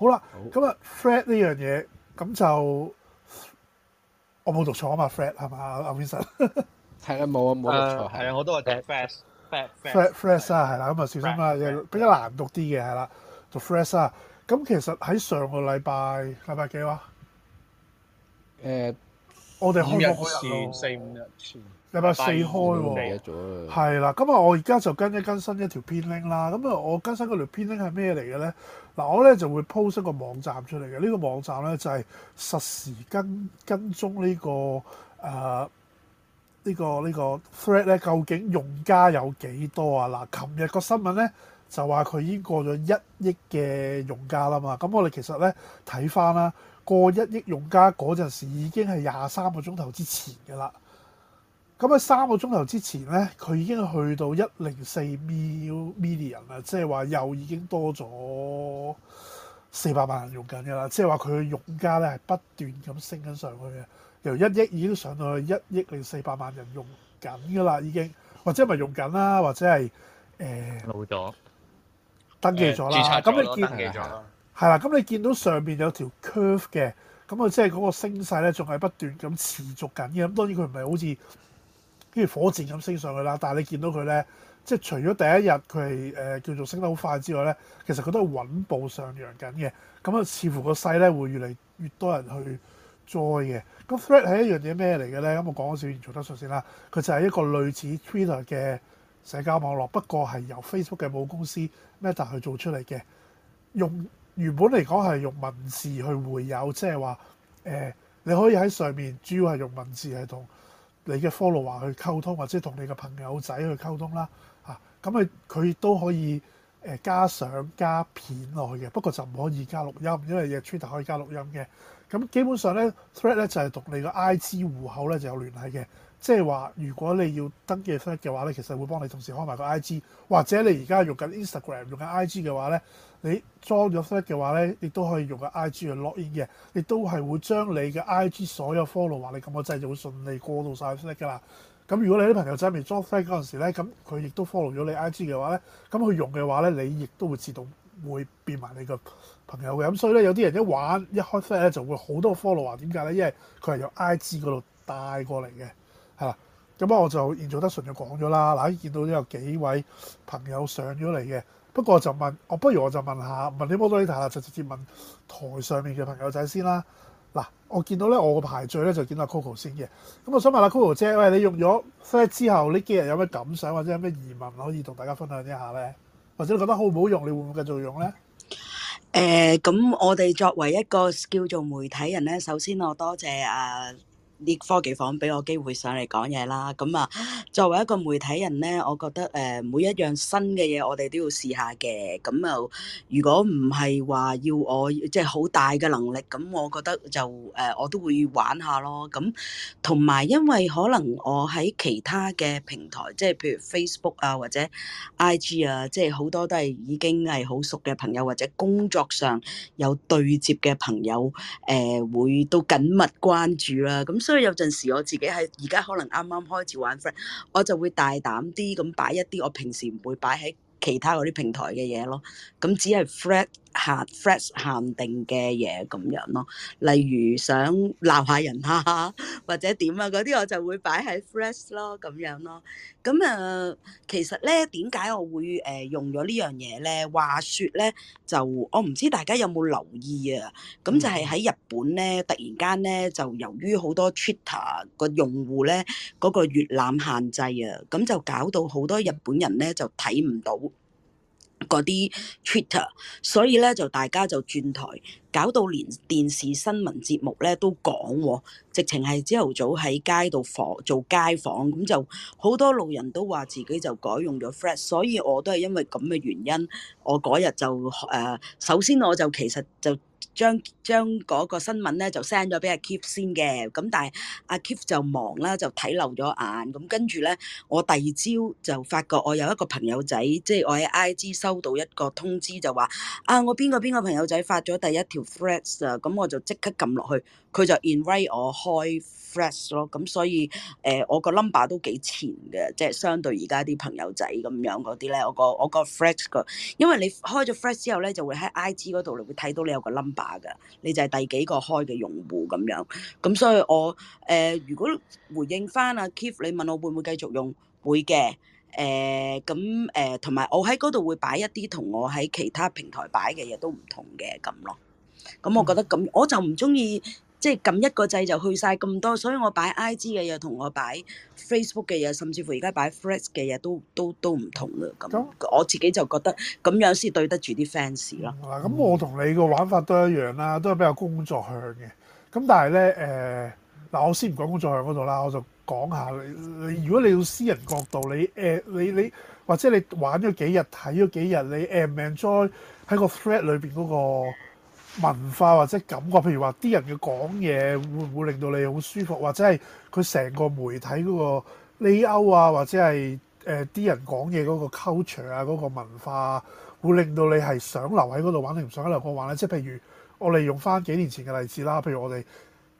好啦，咁啊 Threads 呢樣嘢，咁就我冇讀錯啊嘛 Threads 係嘛，阿 Vincent 係啊，冇啊，冇讀錯係啊，我都係讀 Threads，Threads，Threads，Threads 啊，係啦，咁啊小心啊，比較難讀啲嘅係啦，讀 Threads 啊，咁其實喺上個禮拜禮拜幾哇、啊？誒、呃，我哋五日前四五日前。禮拜四開喎，係啦。咁啊，我而家就跟一更新一條片 link 啦。咁啊，我更新嗰條片 link 係咩嚟嘅咧？嗱，我咧就會 post 一個網站出嚟嘅。呢、這個網站咧就係、是、實時跟跟蹤、這個呃這個這個、呢個誒呢個呢個 Threads 咧，究竟用家有幾多啊？嗱，琴日個新聞咧就話佢已經過咗一億嘅用家啦嘛。咁我哋其實咧睇翻啦，過一億用家嗰陣時已經係廿三個鐘頭之前嘅啦。咁喺三個鐘頭之前咧，佢已經去到一零四 million, million，即係話又已經多咗四百萬人用緊㗎啦。即係話佢嘅用家咧係不斷咁升緊上去嘅，由一億已經上到去一億零四百萬人用緊㗎啦，已經或者係咪用緊啦，或者係誒、呃、老咗了登記咗啦，註冊咗啦，登記咗係啦。咁你見到上面有條 curve 嘅，咁啊即係嗰個升勢咧仲係不斷咁持續緊嘅。當然佢唔係好似～跟住火箭咁升上去啦，但係你見到佢咧，即係除咗第一日佢係誒叫做升得好快之外咧，其實佢都係穩步上揚緊嘅。咁啊，似乎個勢咧會越嚟越多人去載嘅。咁 Threads 係一樣嘢咩嚟嘅咧？咁、嗯、我講少少，從頭述先啦。佢就係一個類似 Twitter 嘅社交網絡，不過係由 Facebook 嘅母公司 Meta 去做出嚟嘅。用原本嚟講係用文字去會友，即係話誒，你可以喺上面主要係用文字係同，你嘅 follow 話去溝通，或者同你嘅朋友仔去溝通啦嚇。咁啊，佢都可以誒加相加片落去嘅，不過就唔可以加錄音，因為嘅 Twitter 可以加錄音嘅。咁基本上咧，Thread 咧就係、是、同你個 I G 戶口咧就有聯繫嘅。即係話，如果你要登記 Threads 嘅話咧，其實會幫你同時開埋個 I G。或者你而家用緊 Instagram、用緊 I G 嘅話咧，你裝咗 Threads 嘅話咧，亦都可以用個 I G 去 login 嘅。亦都係會將你嘅 I G 所有 follow 話，你撳個掣就會順利過渡晒 Threads 㗎啦。咁如果你啲朋友真係未裝 Threads 嗰陣時咧，咁佢亦都 follow 咗你 I G 嘅話咧，咁佢用嘅話咧，你亦都會自動會變埋你個朋友嘅。咁所以咧，有啲人一玩一開 Threads 咧，就會好多 follow 話點解咧？因為佢係由 I G 嗰度帶過嚟嘅。嗱，咁啊、嗯，我就現做得順就講咗啦。嗱，見到都有幾位朋友上咗嚟嘅，不過就問我不如我就問下，問啲 modeler 就直接問台上面嘅朋友仔先啦。嗱、嗯，我見到咧，我個排序咧就見阿 Coco 先嘅。咁、嗯、我想問下 Coco 姐，餵你用咗 f 咩之後，呢幾日有咩感想或者有咩疑問可以同大家分享一下咧？或者你覺得好唔好用，你會唔會繼續用咧？誒、呃，咁我哋作為一個叫做媒體人咧，首先我多謝啊。啲科技房俾我機會上嚟講嘢啦，咁啊作為一個媒體人呢，我覺得誒每一樣新嘅嘢我哋都要試下嘅，咁啊如果唔係話要我即係好大嘅能力，咁我覺得就誒我都會玩下咯，咁同埋因為可能我喺其他嘅平台，即係譬如 Facebook 啊或者 IG 啊，即係好多都係已經係好熟嘅朋友或者工作上有對接嘅朋友誒會都緊密關注啦，咁。所以有陣時我自己係而家可能啱啱開始玩 Threads，我就會大膽啲咁擺一啲我平時唔會擺喺其他嗰啲平台嘅嘢咯，咁只係 Threads。限 fresh 限定嘅嘢咁樣咯，例如想鬧下人下或者點啊嗰啲，我就會擺喺 fresh 咯咁樣咯。咁誒，其實咧點解我會誒用咗呢樣嘢咧？話説咧，就我唔知大家有冇留意啊。咁就係喺日本咧，突然間咧就由於好多 Twitter 個用戶咧嗰個閲覽限制啊，咁就搞到好多日本人咧就睇唔到。嗰啲 Twitter，所以咧就大家就轉台，搞到連電視新聞節目咧都講，直情係朝頭早喺街度訪做街訪，咁就好多路人都話自己就改用咗 Threads，所以我都係因為咁嘅原因，我嗰日就誒、呃、首先我就其實就。將將嗰個新聞咧就 send 咗俾阿 Kip 先嘅，咁但係阿 Kip 就忙啦，就睇漏咗眼。咁跟住咧，我第二朝就發覺我有一個朋友仔，即係我喺 IG 收到一個通知就話，啊我邊個邊個朋友仔發咗第一條 threads 啊，咁我就即刻撳落去，佢就 invite 我開。f r e s 咯，咁所以誒、呃，我個 number 都幾前嘅，即係相對而家啲朋友仔咁樣嗰啲咧，我個我個 f l e x h 因為你開咗 f l e x 之後咧，就會喺 IG 嗰度你會睇到你有個 number 嘅，你就係第幾個開嘅用戶咁樣。咁所以我誒、呃，如果回應翻阿 Kief，你問我會唔會繼續用，會嘅。誒咁誒，同埋、呃、我喺嗰度會擺一啲同我喺其他平台擺嘅嘢都唔同嘅咁咯。咁我覺得咁，我就唔中意。即係撳一個掣就去晒咁多，所以我擺 IG 嘅嘢同我擺 Facebook 嘅嘢，甚至乎而家擺 Threads 嘅嘢都都都唔同啦、嗯。咁我自己就覺得咁樣先對得住啲 fans 咯、嗯。嗱，咁我同你個玩法都一樣啦，都係比較工作向嘅。咁但係咧，誒、呃、嗱，我先唔講工作向嗰度啦，我就講下你，你，如果你用私人角度，你誒你你或者你玩咗幾日睇咗幾日，你誒 enjoy 喺個 Threads 裏邊嗰、那個。文化或者感覺，譬如話啲人嘅講嘢會唔會令到你好舒服，或者係佢成個媒體嗰個 layout 啊，或者係誒啲人講嘢嗰個 culture 啊，嗰個文化會令到你係想留喺嗰度玩定唔想喺度過玩咧？即係譬如我利用翻幾年前嘅例子啦，譬如我哋。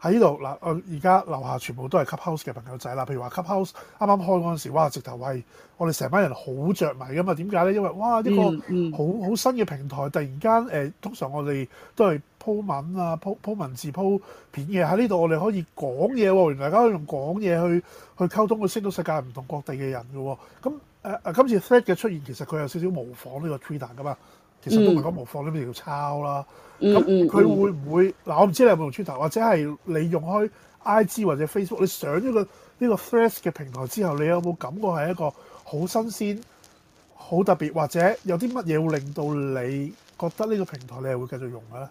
喺呢度嗱，我而家樓下全部都係 Clubhouse 嘅朋友仔啦。譬如話 Clubhouse 啱啱開嗰陣時，哇！直頭係我哋成班人好着迷噶嘛。點解咧？因為哇，呢個好好新嘅平台，突然間誒、呃，通常我哋都係鋪文啊、鋪鋪文字、鋪片嘅。喺呢度我哋可以講嘢喎，原來大家可以用講嘢去去溝通，去識到世界唔同各地嘅人嘅喎、哦。咁誒、呃、今次 Thread 嘅出現其實佢有少少模仿呢、這個 Twitter 噶嘛。其實都唔係講模仿，呢啲叫抄啦。咁佢、嗯、會唔會嗱？嗯嗯、我唔知你有冇用 Twitter，或者係你用開 IG 或者 Facebook？你上咗、這個呢、這個 Threads 嘅平台之後，你有冇感覺係一個好新鮮、好特別，或者有啲乜嘢會令到你覺得呢個平台你係會繼續用嘅咧？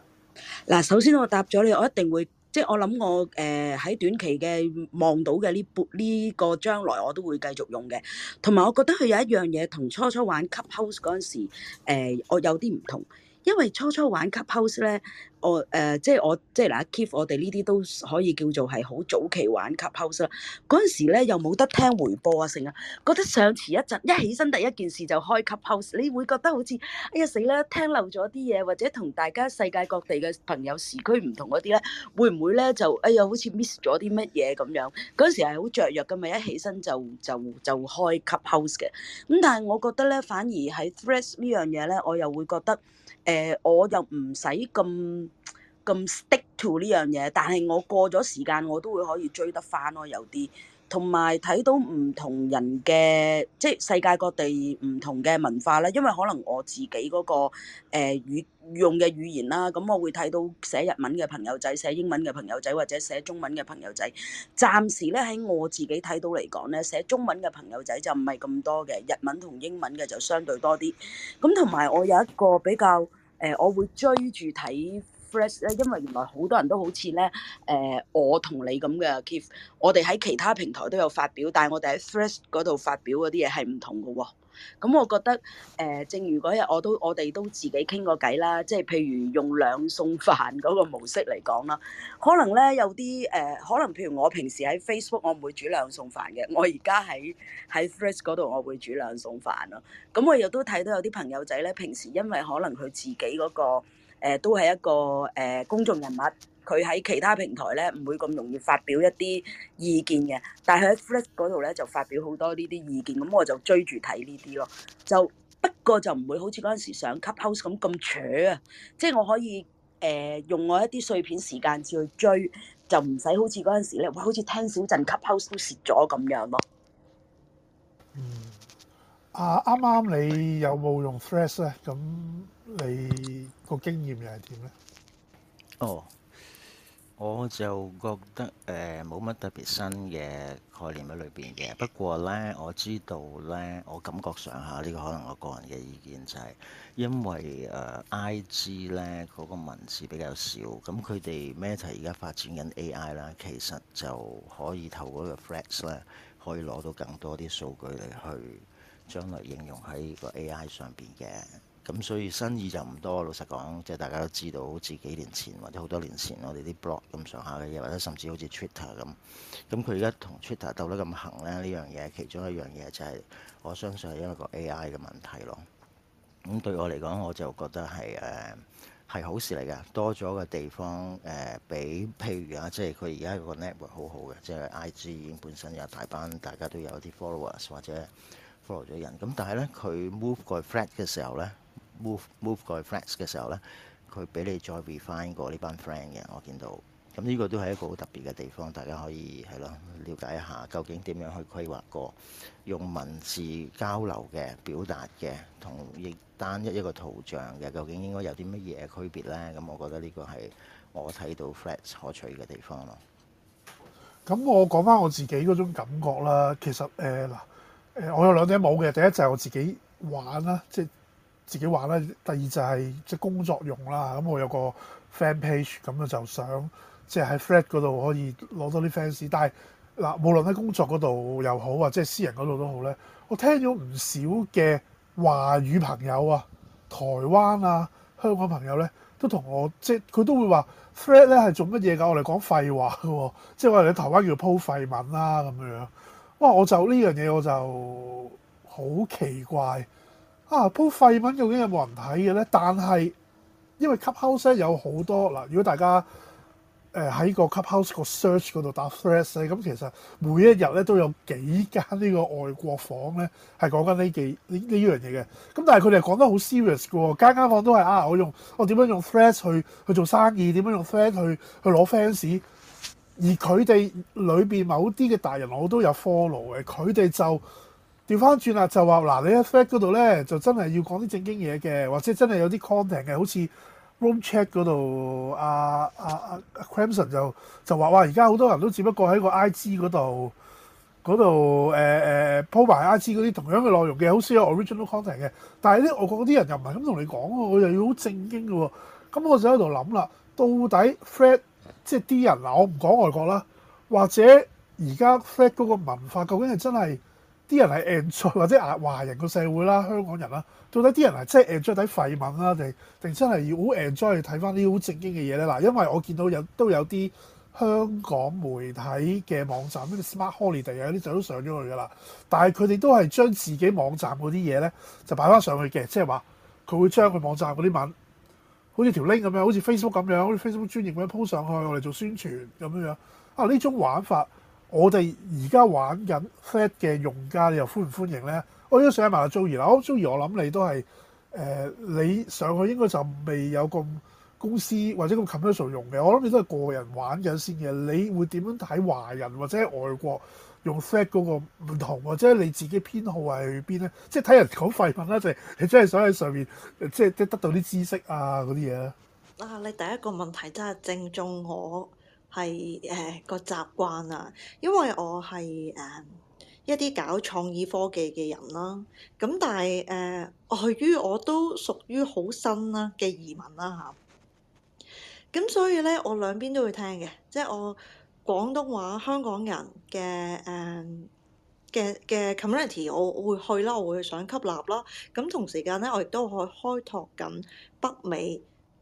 嗱，首先我答咗你，我一定會。即係我諗我誒喺短期嘅望到嘅呢撥呢個將來，我都會繼續用嘅，同埋我覺得佢有一樣嘢同初初玩 Clubhouse 嗰陣時誒、呃、我有啲唔同，因為初初玩 Clubhouse 咧。我誒、呃、即係我即係嗱，keep 我哋呢啲都可以叫做係好早期玩 Clubhouse 啦。嗰陣時咧又冇得聽回播啊，成日覺得上遲一陣一起身第一件事就開 Clubhouse，你會覺得好似哎呀死啦，聽漏咗啲嘢，或者同大家世界各地嘅朋友時區唔同嗰啲咧，會唔會咧就哎呀好似 miss 咗啲乜嘢咁樣？嗰陣時係好雀躍㗎嘛，一起身就就就開 Clubhouse 嘅。咁但係我覺得咧，反而喺 Threads 呢樣嘢咧，我又會覺得誒、呃，我又唔使咁。咁 stick to 呢樣嘢，但係我過咗時間我都會可以追得翻咯。有啲同埋睇到唔同人嘅，即係世界各地唔同嘅文化啦，因為可能我自己嗰個誒、呃、語、語用嘅語言啦，咁我會睇到寫日文嘅朋友仔、寫英文嘅朋友仔，或者寫中文嘅朋友仔。暫時咧喺我自己睇到嚟講咧，寫中文嘅朋友仔就唔係咁多嘅，日文同英文嘅就相對多啲。咁同埋我有一個比較誒、呃、我會追住睇。Threads 咧，因為原來好多人都好似咧，誒我同你咁嘅，Keith，我哋喺其他平台都有發表，但係我哋喺 Threads 嗰度發表嗰啲嘢係唔同嘅喎、哦。咁、嗯、我覺得誒、呃，正如嗰日我都我哋都自己傾過偈啦，即係譬如用兩餸飯嗰個模式嚟講啦，可能咧有啲誒、呃，可能譬如我平時喺 Facebook 我唔會煮兩餸飯嘅，我而家喺喺 Threads 嗰度我會煮兩餸飯咯。咁、嗯、我亦都睇到有啲朋友仔咧，平時因為可能佢自己嗰、那個。誒都係一個誒、呃、公眾人物，佢喺其他平台咧唔會咁容易發表一啲意見嘅，但係喺 Threads 嗰度咧就發表好多呢啲意見，咁我就追住睇呢啲咯。就不過就唔會好似嗰陣時上 Clubhouse 咁咁扯啊，即係我可以誒、呃、用我一啲碎片時間至去追，就唔使好似嗰陣時咧，哇！好似聽少陣 Clubhouse 都蝕咗咁樣咯。嗯，啊啱啱你有冇用 Threads 咧？咁。你個經驗又係點咧？哦，oh, 我就覺得誒冇乜特別新嘅概念喺裏邊嘅。不過咧，我知道咧，我感覺上下呢、呢個可能我個人嘅意見就係、係，因為誒、呃、I G 咧嗰、嗰個文字比較少，咁佢哋 Meta 而家發展緊 A I 啦，其實就可以透過個 flex 咧，可以攞到更多啲數據嚟去將來應用喺個 A I 上邊嘅。咁、嗯、所以生意就唔多。老實講，即係大家都知道，好似幾年前或者好多年前，我哋啲 blog 咁上下嘅嘢，或者甚至好似 Twitter 咁。咁、嗯、佢而、嗯、家同 Twitter 鬥得咁行咧，呢樣嘢其中一樣嘢就係、是、我相信係因為個 AI 嘅問題咯。咁、嗯、對我嚟講，我就覺得係誒係好事嚟嘅，多咗個地方誒、呃，比譬如啊，即係佢而家個 network 好好嘅，即係 IG 已經本身有大班大家都有啲 followers 或者 follow 咗人。咁、嗯、但係咧，佢 move 個 flat 嘅時候咧。move move 過去 Threads 嘅時候咧，佢俾你再 refine 過呢班 friend 嘅，我見到。咁呢個都係一個好特別嘅地方，大家可以係咯了解一下，究竟點樣去規劃過用文字交流嘅、表達嘅，同亦單一一個圖像嘅，究竟應該有啲乜嘢區別咧？咁我覺得呢個係我睇到 Threads 可取嘅地方咯。咁我講翻我自己嗰種感覺啦，其實誒嗱誒，我有兩點冇嘅，第一就係我自己玩啦，即係。自己玩啦。第二就係即係工作用啦。咁、嗯、我有個 fan page，咁啊就想即係喺 Threads 嗰度可以攞多啲 fans。但係嗱，無論喺工作嗰度又好或者係私人嗰度都好咧，我聽咗唔少嘅華語朋友啊，台灣啊、香港朋友咧，都同我即係佢都會話 Threads 咧係做乜嘢㗎？我哋講廢話嘅喎，即係我哋喺台灣叫鋪廢文啦、啊，咁樣樣。哇！我就呢樣嘢我就好奇怪。啊，鋪、那個、廢文究竟有冇人睇嘅咧？但係因為 Clubhouse 咧有好多嗱，如果大家誒喺、呃、個 Clubhouse 個 search 嗰度打 Threads 咧，咁其實每一日咧都有幾間呢個外國房咧係講緊呢幾呢呢樣嘢嘅。咁、這個這個、但係佢哋講得好 serious 嘅喎，間間房都係啊，我用我點樣用 Threads 去去做生意，點樣用 Threads 去去攞 fans。而佢哋裏邊某啲嘅達人，我都有 follow 嘅，佢哋就。調翻轉啦，就話嗱，你喺 Threads 嗰度咧，就真係要講啲正經嘢嘅，或者真係有啲 content 嘅，好似 Room Check 嗰度，啊，啊，啊 Crimson 就就話哇，而家好多人都只不過喺個 IG 嗰度嗰度誒誒鋪埋 IG 嗰啲同樣嘅內容嘅，好少有 original content 嘅。但係咧，外國嗰啲人又唔係咁同你講喎，我又要好正經嘅喎。咁我就喺度諗啦，到底 Threads 即係啲人嗱，我唔講外國啦，或者而家 Threads 嗰個文化究竟係真係？啲人係 enjoy 或者亞華人個社會啦，香港人啦，到底啲人係真係 enjoy 睇廢文啦，定定真係要好 enjoy 睇翻啲好正經嘅嘢咧？嗱，因為我見到有都有啲香港媒體嘅網站，咩 Smart Holiday 啊，有啲就都上咗去噶啦，但係佢哋都係將自己網站嗰啲嘢咧就擺翻上去嘅，即係話佢會將佢網站嗰啲文，好似條 link 咁樣，好似 Facebook 咁樣，好似 Facebook face 專業咁樣 po 上去，我哋做宣傳咁樣啊，呢種玩法。我哋而家玩緊 Threads 嘅用家你又歡唔歡迎咧？我都要上埋阿 Joey 啦。Joey 我諗你都係誒、呃，你上去應該就未有咁公司或者咁 commercial 用嘅。我諗你都係個人玩緊先嘅。你會點樣睇華人或者外國用 Threads 嗰個唔同，或者你自己偏好係去邊咧？即係睇人講廢品啦，就係你真係想喺上面即係即係得到啲知識啊嗰啲嘢咧？嗱、啊，你第一個問題真係正中我。係誒個習慣啊，因為我係誒一啲搞創意科技嘅人啦、啊，咁但係誒，礙、呃、於我都屬於好新啦嘅移民啦、啊、吓，咁、啊、所以咧，我兩邊都會聽嘅，即係我廣東話香港人嘅誒嘅嘅 community，我會去啦，我會去想吸納啦，咁同時間咧，我亦都去開拓緊北美，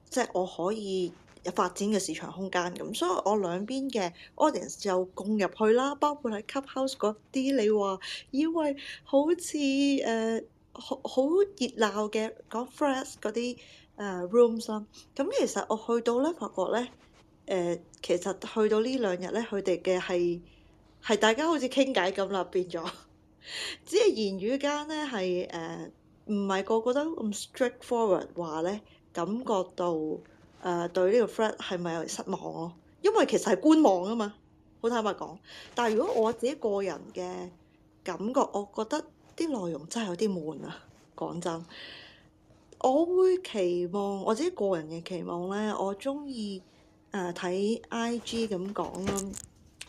即係我可以。發展嘅市場空間咁，所以我兩邊嘅 audience 就攻入去啦，包括喺 Clubhouse 嗰啲你話以為好似誒、呃、好好熱鬧嘅講 Threads 嗰啲誒 rooms 啦，咁其實我去到咧，發覺咧誒，其實去到兩呢兩日咧，佢哋嘅係係大家好似傾偈咁啦，變咗， 只係言語間咧係誒，唔係、呃、個個都咁 straightforward 話咧，感覺到。誒、呃、對呢個 Threads 係咪有失望咯、啊？因為其實係觀望啊嘛，好坦白講。但係如果我自己個人嘅感覺，我覺得啲內容真係有啲悶啊！講真，我會期望我自己個人嘅期望咧，我中意誒睇 IG 咁講咯。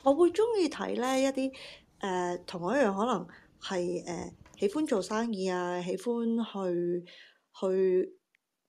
我會中意睇咧一啲誒、呃、同我一樣，可能係誒、呃、喜歡做生意啊，喜歡去去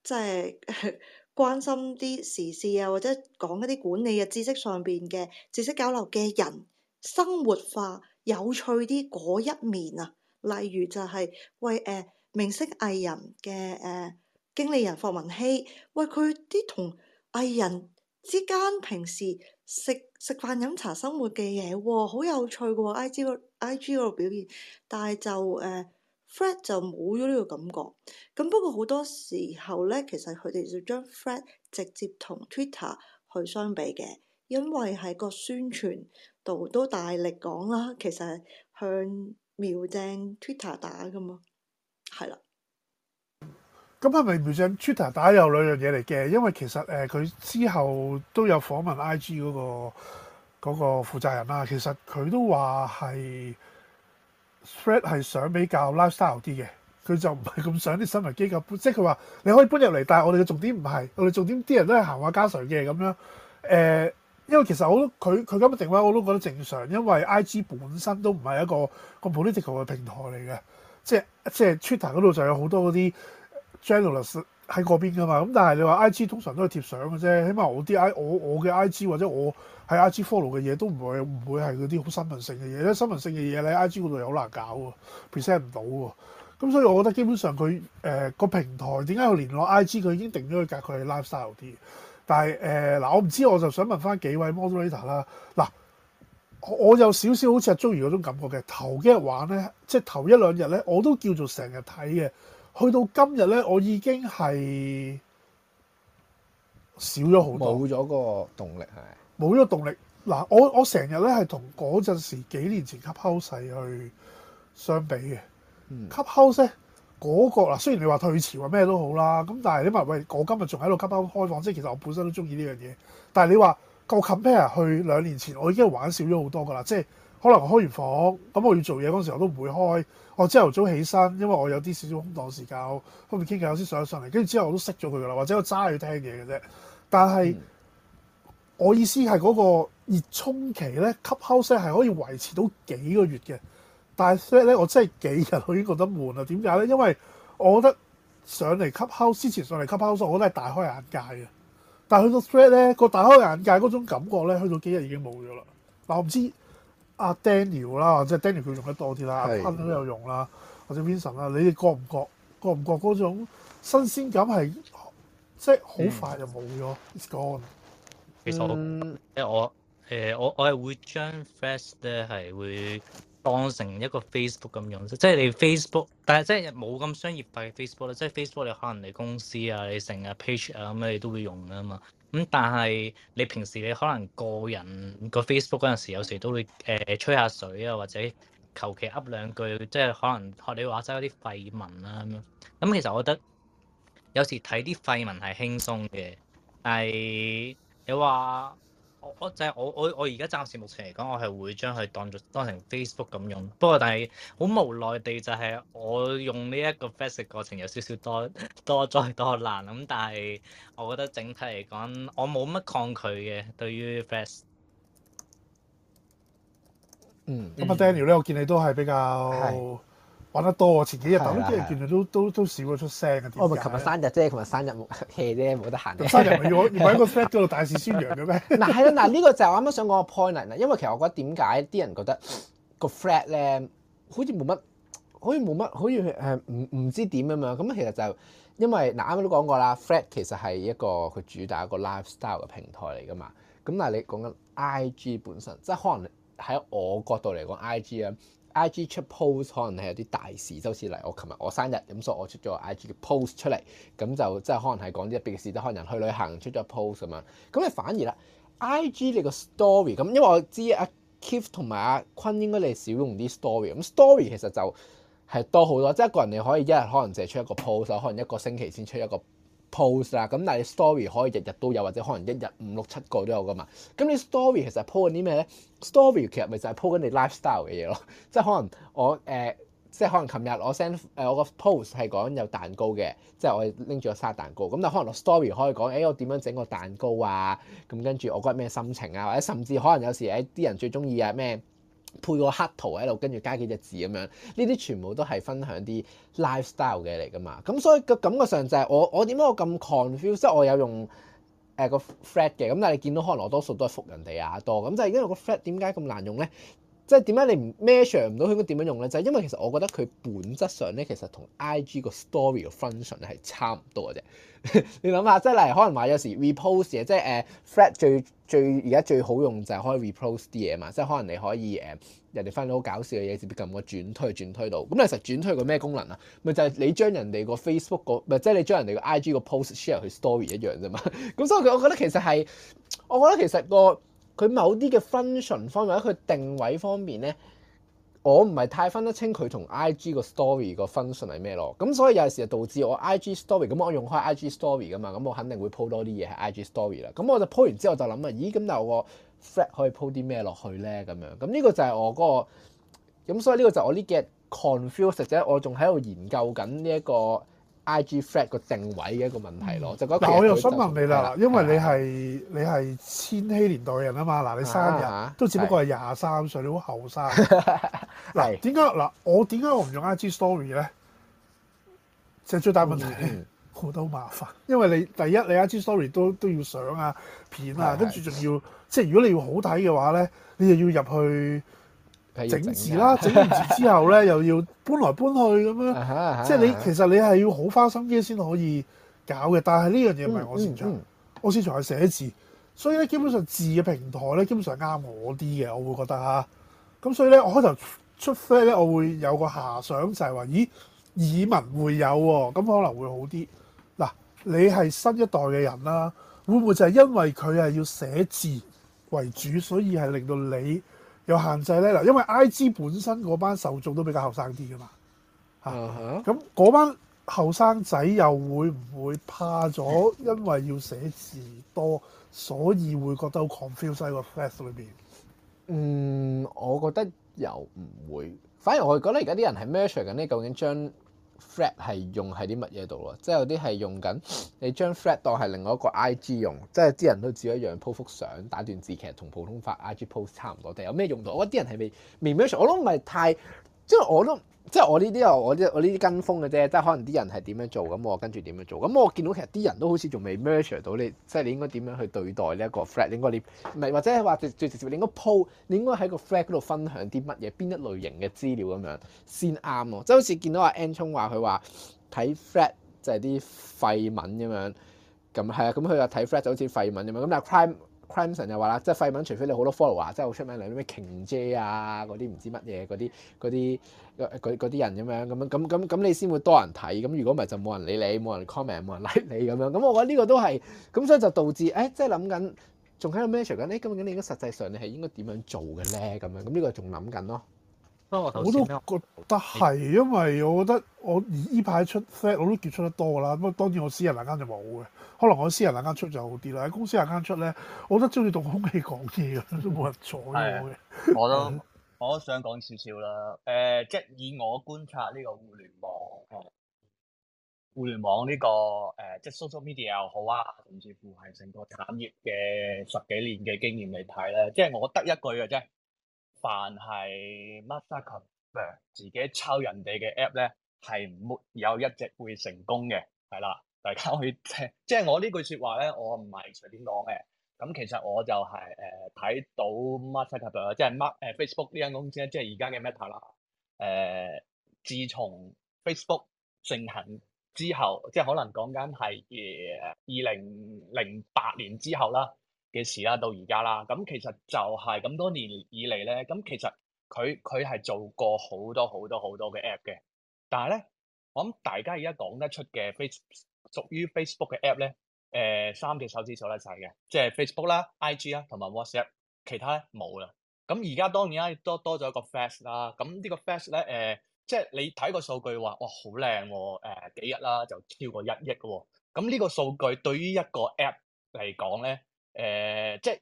即係。 關心啲時事啊，或者講一啲管理嘅知識上邊嘅知識交流嘅人，生活化有趣啲嗰一面啊。例如就係、是、喂誒明星藝人嘅誒、呃、經理人霍汶希，喂佢啲同藝人之間平時食食飯飲茶生活嘅嘢喎，好有趣喎、啊。I G 嗰 I G 嗰度表現，但係就誒。呃 Threads 就冇咗呢個感覺，咁不過好多時候咧，其實佢哋就將 Threads 直接同 Twitter 去相比嘅，因為喺個宣傳度都大力講啦，其實係向瞄準 Twitter 打噶嘛，係啦。咁係咪瞄準 Twitter 打有兩樣嘢嚟嘅？因為其實誒佢、呃、之後都有訪問 IG 嗰、那個嗰、那個負責人啦，其實佢都話係。Threads 係想比較 lifestyle 啲嘅，佢就唔係咁想啲新聞機構搬，即係佢話你可以搬入嚟，但係我哋嘅重點唔係，我哋重點啲人都係閒話家常嘅咁樣。誒、呃，因為其實我都佢佢咁嘅定位我都覺得正常，因為 IG 本身都唔係一個個 political 嘅平台嚟嘅，即係即係 Twitter 嗰度就有好多嗰啲 journalist。喺嗰邊噶嘛？咁但係你話 I G 通常都係貼相嘅啫。起碼我啲 I 我我嘅 I G 或者我喺 I G follow 嘅嘢都唔會唔會係嗰啲好新聞性嘅嘢。因為新聞性嘅嘢咧 I G 嗰度又好難搞喎，present 唔到喎。咁所以我覺得基本上佢誒個平台點解要聯絡 I G 佢已經定咗佢隔佢係 lifestyle 啲。但係誒嗱，我唔知我就想問翻幾位 moderator 啦。嗱，我有少少好似阿鐘怡嗰種感覺嘅。頭幾日玩咧，即係頭一兩日咧，我都叫做成日睇嘅。去到今日咧，我已經係少咗好多，冇咗個動力係。冇咗個動力。嗱，我我成日咧係同嗰陣時幾年前 Clubhouse 去相比嘅。Clubhouse 咧，嗰、那個啦，雖然你話退潮話咩都好啦，咁但係你話喂，我今日仲喺度 Clubhouse 開放，即係其實我本身都中意呢樣嘢。但係你話個 compare 去兩年前，我已經玩少咗好多噶啦，即係。可能我開完房咁，我要做嘢嗰陣時候，我都唔會開。我朝頭早起身，因為我有啲少少空檔時間，開部傾偈，我先上一上嚟。跟住之後，我都熄咗佢噶啦，或者我揸嚟聽嘢嘅啫。但係、嗯、我意思係嗰個熱衝期咧，Clubhouse 係可以維持到幾個月嘅。但係 thread 咧，我真係幾日我已經覺得悶啦。點解咧？因為我覺得上嚟 Clubhouse 之前上嚟 Clubhouse，我覺得係大開眼界嘅。但係去到 thread 咧，個大開眼界嗰種感覺咧，去到幾日已經冇咗啦。嗱，我唔知。阿 Daniel 啦，即係 Daniel 佢用得多啲啦，阿 Ben 都有用啦，或者 Vincent 啦，你哋覺唔覺？覺唔覺嗰種新鮮感係即係好快就冇咗？It's gone。其實我誒我、呃、我我係會將 Threads 咧係會當成一個 Facebook 咁用，即係你 Facebook，但係即係冇咁商業化嘅 Facebook 啦，即係 Facebook 你可能你公司啊、你成日 page 啊咁你都會用啊嘛。咁但係你平時你可能個人個 Facebook 嗰陣時，有時都會誒吹下水啊，或者求其噏兩句，即係可能學你話齋啲廢文啦咁樣。咁其實我覺得有時睇啲廢文係輕鬆嘅，但係你話。我、就係、我就係我我我而家暫時目前嚟講，我係會將佢當做當成 Facebook 咁用。不過但係好無奈地就係我用呢一個 Facebook 過程有少少多多災多難咁，但係我覺得整體嚟講，我冇乜抗拒嘅，對於 Face 嗯。咁啊、嗯、Daniel 咧，我見你都係比較。玩得多啊！前幾日等即係見到都是、啊、都都少咗出聲啲。我咪琴日生日啫，係琴日生日冇 hea 啫，冇得閒。三日咪要要喺個 flat 嗰度大肆宣揚嘅咩？嗱係啦，嗱呢、啊呢個就我啱啱想講個 point 啦，因為其實我覺得點解啲人覺得個 flat 咧好似冇乜，好似冇乜，好似誒唔唔知點咁樣？咁其實就因為嗱啱啱都講過啦，flat 其實係一個佢主打一個 lifestyle 嘅平台嚟噶嘛。咁但係你講緊 IG 本身，即係可能喺我角度嚟講，IG 啊。I G 出 post 可能係有啲大事，就好似嚟我琴日我生日，咁所以我出咗 I G 嘅 post 出嚟，咁就即係可能係講啲特別嘅事，都可能人去旅行出咗 post 咁樣，咁你反而啦，I G 你個 story，咁因為我知阿 Keith 同埋阿坤應該你少用啲 story，咁 story 其實就係多好多，即係一個人你可以一日可能淨係出一個 post，可能一個星期先出一個 post 啦，咁但係 story 可以日日都有，或者可能一日五六七個都有噶嘛。咁你 story 其實 post 緊啲咩咧？story 其實咪就係 post 緊你 lifestyle 嘅嘢咯。即係可能我誒、呃，即係可能琴日我 send 誒、呃、我個 post 係講有蛋糕嘅，即係我拎住個生日蛋糕。咁但係可能我 story 可以講誒、欸，我點樣整個蛋糕啊？咁跟住我嗰日咩心情啊？或者甚至可能有時誒，啲、欸、人最中意啊咩？配個黑圖喺度，跟住加幾隻字咁樣，呢啲全部都係分享啲 lifestyle 嘅嚟㗎嘛，咁所以個感覺上就係我我點解我咁 confused 即係我有用誒個 flat 嘅，咁但係你見到可能我多數都係覆人哋啊多，咁就係因為個 flat 點解咁難用呢？即係點解你唔 measure 唔到佢應該點樣用咧？就係、是、因為其實我覺得佢本質上咧，其實同 I G 個 story 嘅 function 咧係差唔多嘅啫。你諗下，即係例如可能話有時 repost 嘅，即係誒，Threads 最最而家最好用就係可以 repost 啲嘢嘛。即係可能你可以誒、uh, 人哋分享到好搞笑嘅嘢，直接撳個轉推轉推到。咁其實轉推個咩功能啊？咪就係、是、你將人哋個 Facebook 個，咪即係你將人哋個 I G 個 post share 去 story 一樣啫嘛。咁 所以我覺得其實係，我覺得其實個。佢某啲嘅 function 方面或者佢定位方面咧，我唔係太分得清佢同 IG 個 story 個 function 係咩咯。咁所以有陣時就導致我 IG story 咁，我用開 IG story 噶嘛，咁我肯定會鋪多啲嘢喺 IG story 啦。咁我就鋪完之後就諗啊，咦咁有個 Threads 可以鋪啲咩落去咧？咁樣咁呢個就係我嗰個咁，所以呢個就我呢幾日 confuse，或者我仲喺度研究緊呢一個。I G Threads 個定位嘅一個問題咯，就嗰個。但我又想問你啦，因為你係你係千禧年代人啊嘛，嗱你生日都只不過係廿三歲，你好後生。嗱點解嗱我點解我唔用 I G story 咧？即係最大問題，好多麻煩。因為你第一，你 I G story 都都要相啊片啊，跟住仲要即係如果你要好睇嘅話咧，你又要入去。整字啦，整 完字之後呢，又要搬來搬去咁樣，即係你其實你係要好花心機先可以搞嘅。但係呢樣嘢唔係我擅長，uh huh, uh huh. 我擅長係寫字，所以呢，基本上字嘅平台呢，基本上啱我啲嘅，我會覺得嚇。咁所以呢，我開頭出 fit 呢，我會有個遐想就係話，咦，耳聞會有喎，咁可能會好啲。嗱，你係新一代嘅人啦，會唔會就係因為佢係要寫字為主，所以係令到你？有限制咧嗱，因為 IG 本身嗰班受眾都比較後生啲㗎嘛，吓咁嗰班後生仔又會唔會怕咗？因為要寫字多，所以會覺得好 confused 喺個 text 裏邊。嗯，我覺得又唔會，反而我覺得而家啲人係 measure 緊呢，究竟將。Threads 係用喺啲乜嘢度咯？即係有啲係用緊，你將 Threads 當係另外一個 IG 用，即係啲人都只一樣鋪幅相、打段字，其實同普通發 IG post 差唔多。定有咩用途？我覺得啲人係未未，未 merge，我諗唔係太，即係我都。即係我呢啲又我即我呢啲跟風嘅啫，即係可能啲人係點樣做，咁我跟住點樣做。咁我見到其實啲人都好似仲未 measure 到你，即係你應該點樣去對待呢一個 Threads，你應該你唔係或者係話直接，直接，你應該 post，你應該喺個 Threads 嗰度分享啲乜嘢，邊一類型嘅資料咁樣先啱喎。即係好似見到阿 Anson 話佢話睇 Threads 就係啲廢文咁樣，咁係啊，咁佢話睇 Threads 就好似廢文咁樣咁，但係 crime。Crimson 又話啦，即係廢文，除非你好多 follower 即係好出名嗰啲咩 King J 啊，嗰啲唔知乜嘢嗰啲啲啲人咁樣咁樣咁咁咁，你先會多人睇。咁如果唔係就冇人理你，冇人 comment，冇人 like 你咁樣。咁、嗯、我覺得呢個都係咁，所以就導致誒、欸，即係諗緊仲喺度 measure 緊。誒咁、欸，究竟你應該實際上你係應該點樣做嘅咧？咁樣咁、嗯這個、呢個仲諗緊咯。我，我都覺得係，因為我覺得我而依排出 fit 我都結出得多噶啦。不過當然我私人那間就冇嘅，可能我私人那間出就好啲啦。喺公司那間出咧，我覺得鍾意同空氣講嘢咁，都冇人睬我嘅。我都，都，我， 我，都我都想講少少啦。誒、呃，即係以我觀察呢個互聯網、呃、互聯網呢、呢個誒、呃，即係 social media 又好啊，甚至乎係成個產業嘅十幾年嘅經驗嚟睇咧，即係我得一句嘅啫。凡係 Microsoft 自己抄人哋嘅 app 咧，係沒有一隻會成功嘅，係啦。大家可以聽，即係我呢句説話咧，我唔係隨便講嘅。咁其實我就係誒睇到 Microsoft 即係 Mark 誒 Facebook 呢間公司咧，即係而家嘅 Meta 啦、呃。誒，自從 Facebook 盛行之後，即係可能講緊係二零零八年之後啦。嘅事啦，到而家啦，咁其實就係咁多年以嚟咧，咁其實佢佢係做過好多好多好多嘅 app 嘅，但係咧，我諗大家而家講得出嘅 face 屬於 Facebook 嘅 app 咧，誒、呃、三隻手指數就曬嘅，即係 Facebook 啦、I G 啦同埋 WhatsApp，其他咧冇啦。咁而家當然啦，多多咗一個 Threads 啦。咁呢個 Threads 咧，誒即係你睇個數據話哇好靚喎，誒、哦呃、幾日啦就超過一億喎、哦。咁呢個數據對於一個 app 嚟講咧。誒、呃，即係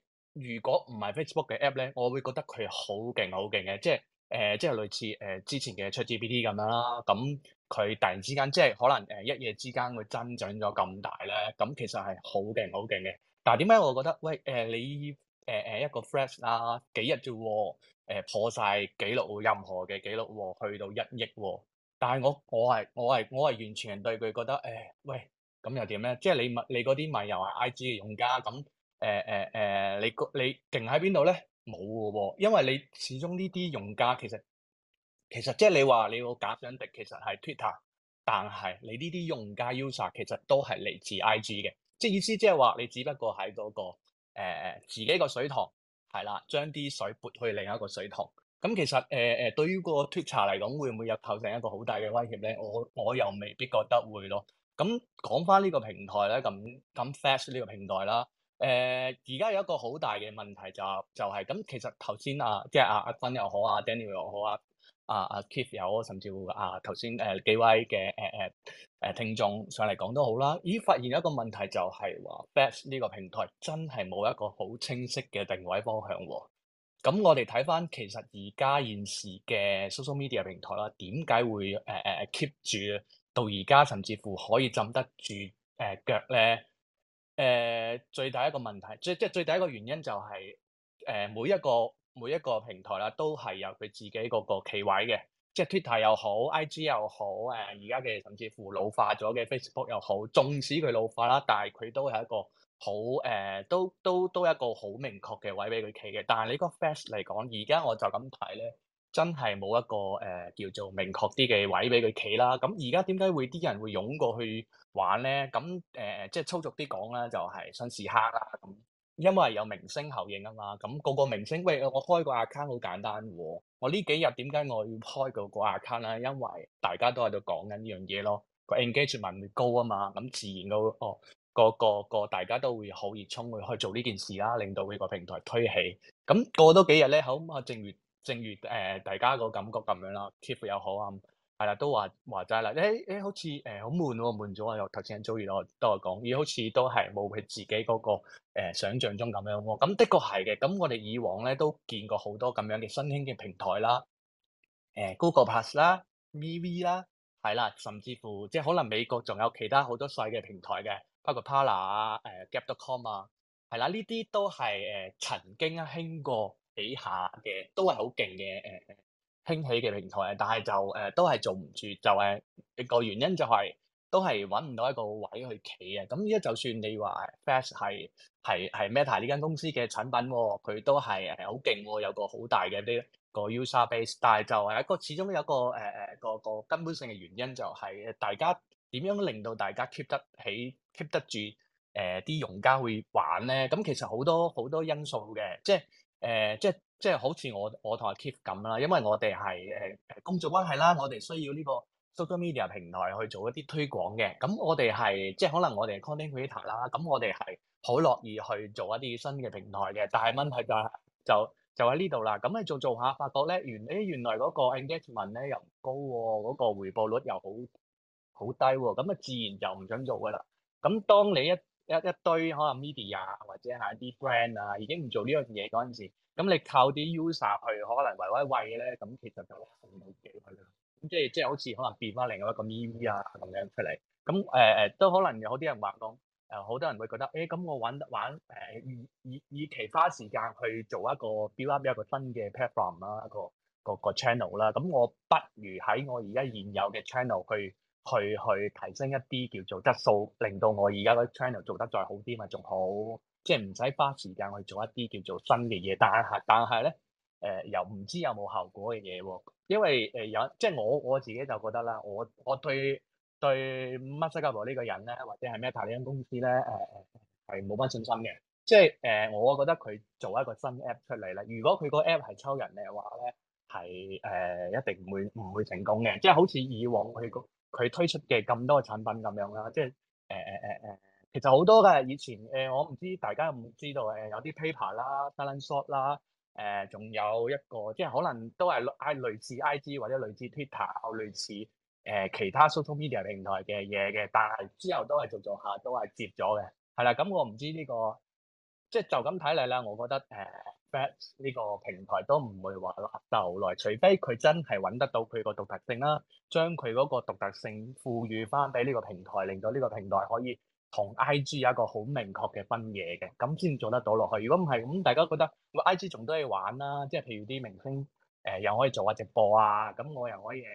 如果唔係 Facebook 嘅 app 咧，我會覺得佢好勁好勁嘅，即係誒、呃，即係類似誒、呃、之前嘅 ChatGPT 咁樣啦。咁佢突然之間，即係可能誒一夜之間，佢增長咗咁大咧，咁其實係好勁好勁嘅。但係點解我會覺得，喂，誒、呃、你誒誒、呃、一個 Threads 啦，幾日啫，誒破晒紀錄，任何嘅紀錄去到一億，但係我我係我係我係完全對佢覺得，誒、呃、喂，咁又點咧？即係你咪你嗰啲咪又係 IG 嘅用家咁？誒誒誒，你個你勁喺邊度咧？冇個喎，因為你始終呢啲用家其實其實即係你話你個假想敵其實係 Twitter，但係你呢啲用家 user 其實都係嚟自 IG 嘅，即係意思即係話你只不過喺嗰、那個誒、呃、自己個水塘係啦，將啲水撥去另一個水塘。咁其實誒誒、呃，對於個 Twitter 嚟講，會唔會有構成一個好大嘅威脅咧？我我又未必覺得會咯。咁講返呢個平台咧，咁咁 Threads 呢個平台啦。誒，而家、呃、有一個好大嘅問題就是、就係、是、咁，其實頭先、啊、阿即係阿阿芬又好，阿 Daniel 又好，啊、阿阿阿 Keith 又好，甚至乎阿頭先誒幾位嘅誒誒誒聽眾上嚟講都好啦，咦？發現有一個問題就係話，Threads 呢個平台真係冇一個好清晰嘅定位方向喎、啊。咁我哋睇翻其實而家現時嘅 social media 平台啦，點解會誒誒、uh, uh, keep 住到而家，甚至乎可以浸得住誒腳咧？Uh, 誒、呃，最大一個問題，即即係最大一個原因就係、是，誒、呃，每一個每一個平台啦，都係有佢自己嗰個企位嘅，即係 Twitter 又好，IG 又好，誒而家嘅甚至乎老化咗嘅 Facebook 又好，縱使佢老化啦，但係佢都係一個好，誒、呃，都都都，都一個好明確嘅位俾佢企嘅，但係你個 Threads 嚟講，而家我就咁睇咧。真係冇一個誒、呃、叫做明確啲嘅位俾佢企啦。咁而家點解會啲人會湧過去玩咧？咁、嗯、誒、呃、即係粗俗啲講啦，就係、是、想試吓啦、嗯。因為有明星效應啊嘛。咁、嗯、個個明星喂，我開個 account 好簡單喎。我呢幾日點解我要開個個 account 咧？因為大家都喺度講緊呢樣嘢咯，個 engagement 會高啊嘛。咁、嗯、自然、哦、個個個個大家都會好熱衷去去做呢件事啦、啊，令到佢個平台推起。咁、嗯、過多幾日咧，好啊，正如。正如誒大家個感覺咁樣啦，keep 又、嗯欸欸、好、欸好欸、啊，係啦，都話話齋啦，誒誒好似誒好悶喎，悶咗啊！又頭先阿周宇都都係講，咦，好似都係冇佢自己嗰、那個、欸、想像中咁樣喎。咁、嗯、的確係嘅。咁我哋以往咧都見過好多咁樣嘅新興嘅平台啦，誒、欸、Google p a s s 啦 MeWe 啦，係啦、嗯，甚至乎即係可能美國仲有其他好多細嘅平台嘅，包括 Parler 啊，誒、欸、Gab.com 啊，係、嗯、啦，呢、嗯、啲都係誒、呃、曾經啊興過。幾下嘅都係好勁嘅誒誒興起嘅平台，但係就誒、呃、都係做唔住，就係、是、個、呃、原因就係、是、都係揾唔到一個位去企啊！咁依家就算你話 Threads 係係係 Meta 呢間公司嘅產品佢、哦、都係誒好勁喎，有個好大嘅啲、這個 user base，但係就係一個始終有一個誒誒、呃、個，個根本性嘅原因、就是，就係大家點樣令到大家 keep 得起、keep 得住誒啲、呃、用家去玩咧？咁、嗯、其實好多好多因素嘅，即係。誒、呃，即係即係好似我我同阿 Kip 咁啦，因為我哋係誒誒工作關係啦，我哋需要呢個 social media 平台去做一啲推廣嘅。咁我哋係即係可能我哋係 content creator 啦，咁我哋係好樂意去做一啲新嘅平台嘅。但係問題就就就喺呢度啦。咁你做做下，發覺咧原誒、欸、原來嗰個 engagement 咧又唔高喎、啊，嗰、嗰個回報率又好好低喎、啊，咁啊自然就唔想做噶啦。咁當你一一一堆可能 media 啊，或者係一啲 brand 啊，已經唔做呢樣嘢嗰陣時，咁你靠啲 user 去可能維維維咧，咁其實就冇機會㗎。咁即係即係好似可能變翻另外一個 EV 啊咁樣出嚟。咁誒誒都可能有好啲人話講，誒、呃、好多人會覺得，誒、欸、咁我揾得玩，玩呃、以以以其花時間去做一個 build up 一個新嘅 platform 啦，一個一個個 channel 啦，咁我不如喺我而家現有嘅 channel 去。去去提升一啲叫做質素，令到我而家嗰 channel 做得再好啲嘛，仲好，即係唔使花時間去做一啲叫做新嘅嘢。但係但係咧，誒、呃、又唔知有冇效果嘅嘢喎。因為誒有即係我我自己就覺得啦，我我對對乜世界呢個人咧，或者係 Meta 呢間公司咧，誒誒係冇乜信心嘅。即係誒，我覺得佢做一個新 app 出嚟咧，如果佢個 app 係抽人嘅話咧，係誒、呃、一定唔會唔會成功嘅。即、就、係、是、好似以往佢個。佢推出嘅咁多產品咁樣啦，即係誒誒誒誒，其實好多嘅。以前誒、呃，我唔知大家有冇知道誒、呃，有啲 paper 啦、dashboard 啦，誒，仲有一個即係可能都係 I 類似 IG 或者類似 Twitter 類似誒、呃、其他 social media 平台嘅嘢嘅，但係之後都係做做下都係接咗嘅，係啦。咁我唔知、這個、呢個即係就咁睇嚟啦，我覺得誒。呃 Threads 呢個平台都唔會話得耐，除非佢真係揾得到佢個獨特性啦，將佢嗰個獨特性賦予翻俾呢個平台，令到呢個平台可以同 I G 有一個好明確嘅分野嘅，咁先做得到落去。如果唔係，咁大家覺得 I G 仲都可玩啦、啊，即係譬如啲明星誒、呃、又可以做下直播啊，咁我又可以誒、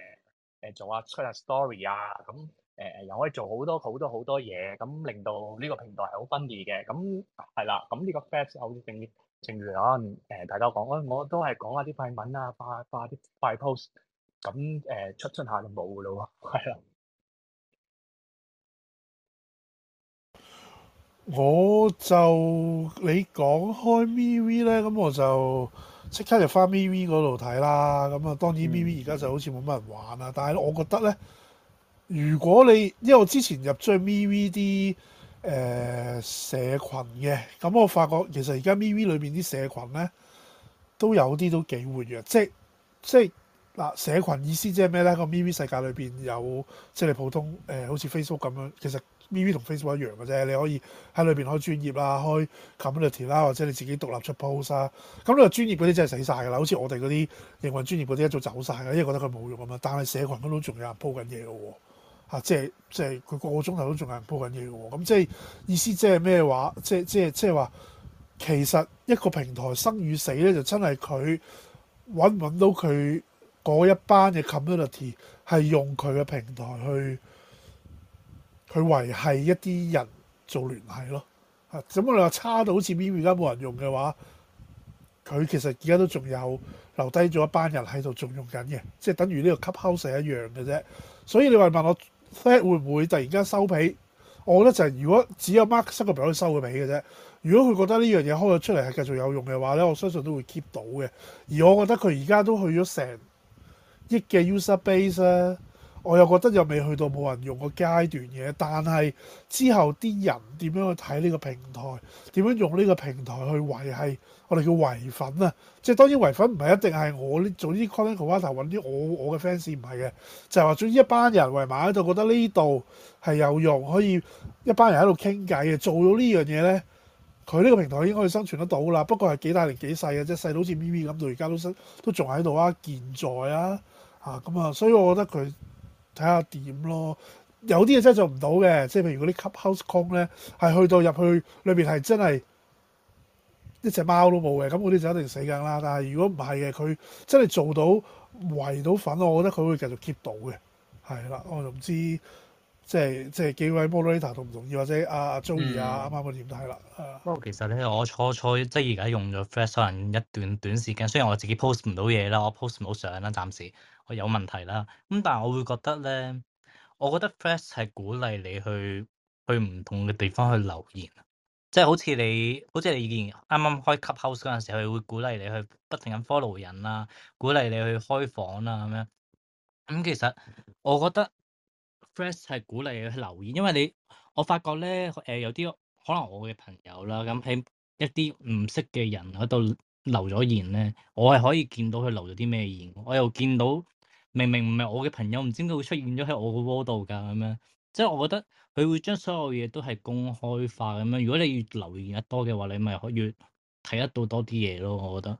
呃、做下出下 story 啊，咁誒誒又可以做好多好多好多嘢，咁令到呢個平台係好分離嘅。咁係啦，咁呢個 Threads 好似正。正如可能誒大家講啊，我都係講下啲快文啊，發發啲快 post，咁誒出出下就冇噶咯喎，係啊。我就你講開 V V 咧，咁我就即刻就翻 V V 嗰度睇啦。咁啊，當然 V V 而家就好似冇乜人玩啦。嗯、但係我覺得咧，如果你因為我之前入咗去 V V 啲，誒、呃、社群嘅，咁我發覺其實而家 V V 裏邊啲社群咧都有啲都幾活躍，即係即係嗱社群意思即係咩咧？個 V V 世界裏邊有即係你普通誒、呃、好似 Facebook 咁樣，其實 V V 同 Facebook 一樣嘅啫，你可以喺裏邊開專業啦、啊，開 Community 啦、啊，或者你自己獨立出 post 啊。咁呢個專業嗰啲真係死晒噶啦，好似我哋嗰啲營運專業嗰啲一早走晒啦，因為覺得佢冇用吖嘛。但係社群嗰度仲有人 po 緊嘢嘅喎。啊，即係即係佢個個鐘頭都仲有人播緊嘢嘅喎，咁即係意思即係咩話？即係即係即係話，其實一個平台生與死咧，就真係佢揾唔揾到佢嗰一班嘅 community 係用佢嘅平台去佢維係一啲人做聯繫咯。嚇，咁我哋話差到好似 WeChat 冇人用嘅話，佢其實而家都仲有留低咗一班人喺度仲用緊嘅，即係等於呢個 Clubhouse 一樣嘅啫。所以你話問我？Fed 會唔會突然間收皮？我覺得就係、是、如果只有 Mark 生嗰邊可以收佢皮嘅啫。如果佢覺得呢樣嘢開咗出嚟係繼續有用嘅話咧，我相信都會 keep 到嘅。而我覺得佢而家都去咗成億嘅 user base 啦。我又覺得又未去到冇人用個階段嘅，但係之後啲人點樣去睇呢個平台？點樣用呢個平台去維繫我哋叫維粉啊？即係當然維粉唔係一定係我呢，做啲 content creator 揾啲我我嘅 fans 唔係嘅，就係話總之一班人圍埋喺度，覺得呢度係有用，可以一班人喺度傾偈嘅。做到呢樣嘢呢，佢呢個平台應該可以生存得到啦。不過係幾大定幾細嘅啫，細到好似咪咪 v 咁到而家都都仲喺度啊，健在啊嚇咁啊，啊，所以我覺得佢。睇下點咯，看看有啲嘢真係做唔到嘅，即係譬如嗰啲 Clubhouse clone 咧，係去到入去裏邊係真係一隻貓都冇嘅，咁嗰啲就一定死梗啦。但係如果唔係嘅，佢真係做到圍到粉，我覺得佢會繼續 keep 到嘅，係啦。我就唔知即係即係幾位 moderator 同唔同意，或者阿阿 Joey 啊啱啱我點睇啦。不過其實咧，我初初即係而家用咗 Threads 可能一段短時間，雖然我自己 post 唔到嘢啦，我 post 唔到相啦，暫時。佢有問題啦，咁但係我會覺得咧，我覺得 Threads 係鼓勵你去去唔同嘅地方去留言，即、就、係、是、好似你，好似你以前啱啱開 Clubhouse 嗰陣時候，佢會鼓勵你去不停咁 follow 人啦、啊，鼓勵你去開房啦、啊、咁樣。咁、嗯、其實我覺得 Threads 係鼓勵你去留言，因為你我發覺咧，誒有啲可能我嘅朋友啦，咁喺一啲唔識嘅人喺度。留咗言咧，我係可以見到佢留咗啲咩言，我又見到明明唔係我嘅朋友，唔知點解會出現咗喺我個窩度噶咁樣，即係、就是、我覺得佢會將所有嘢都係公開化咁樣。如果你越留言得多嘅話，你咪可以睇得到多啲嘢咯。我覺得，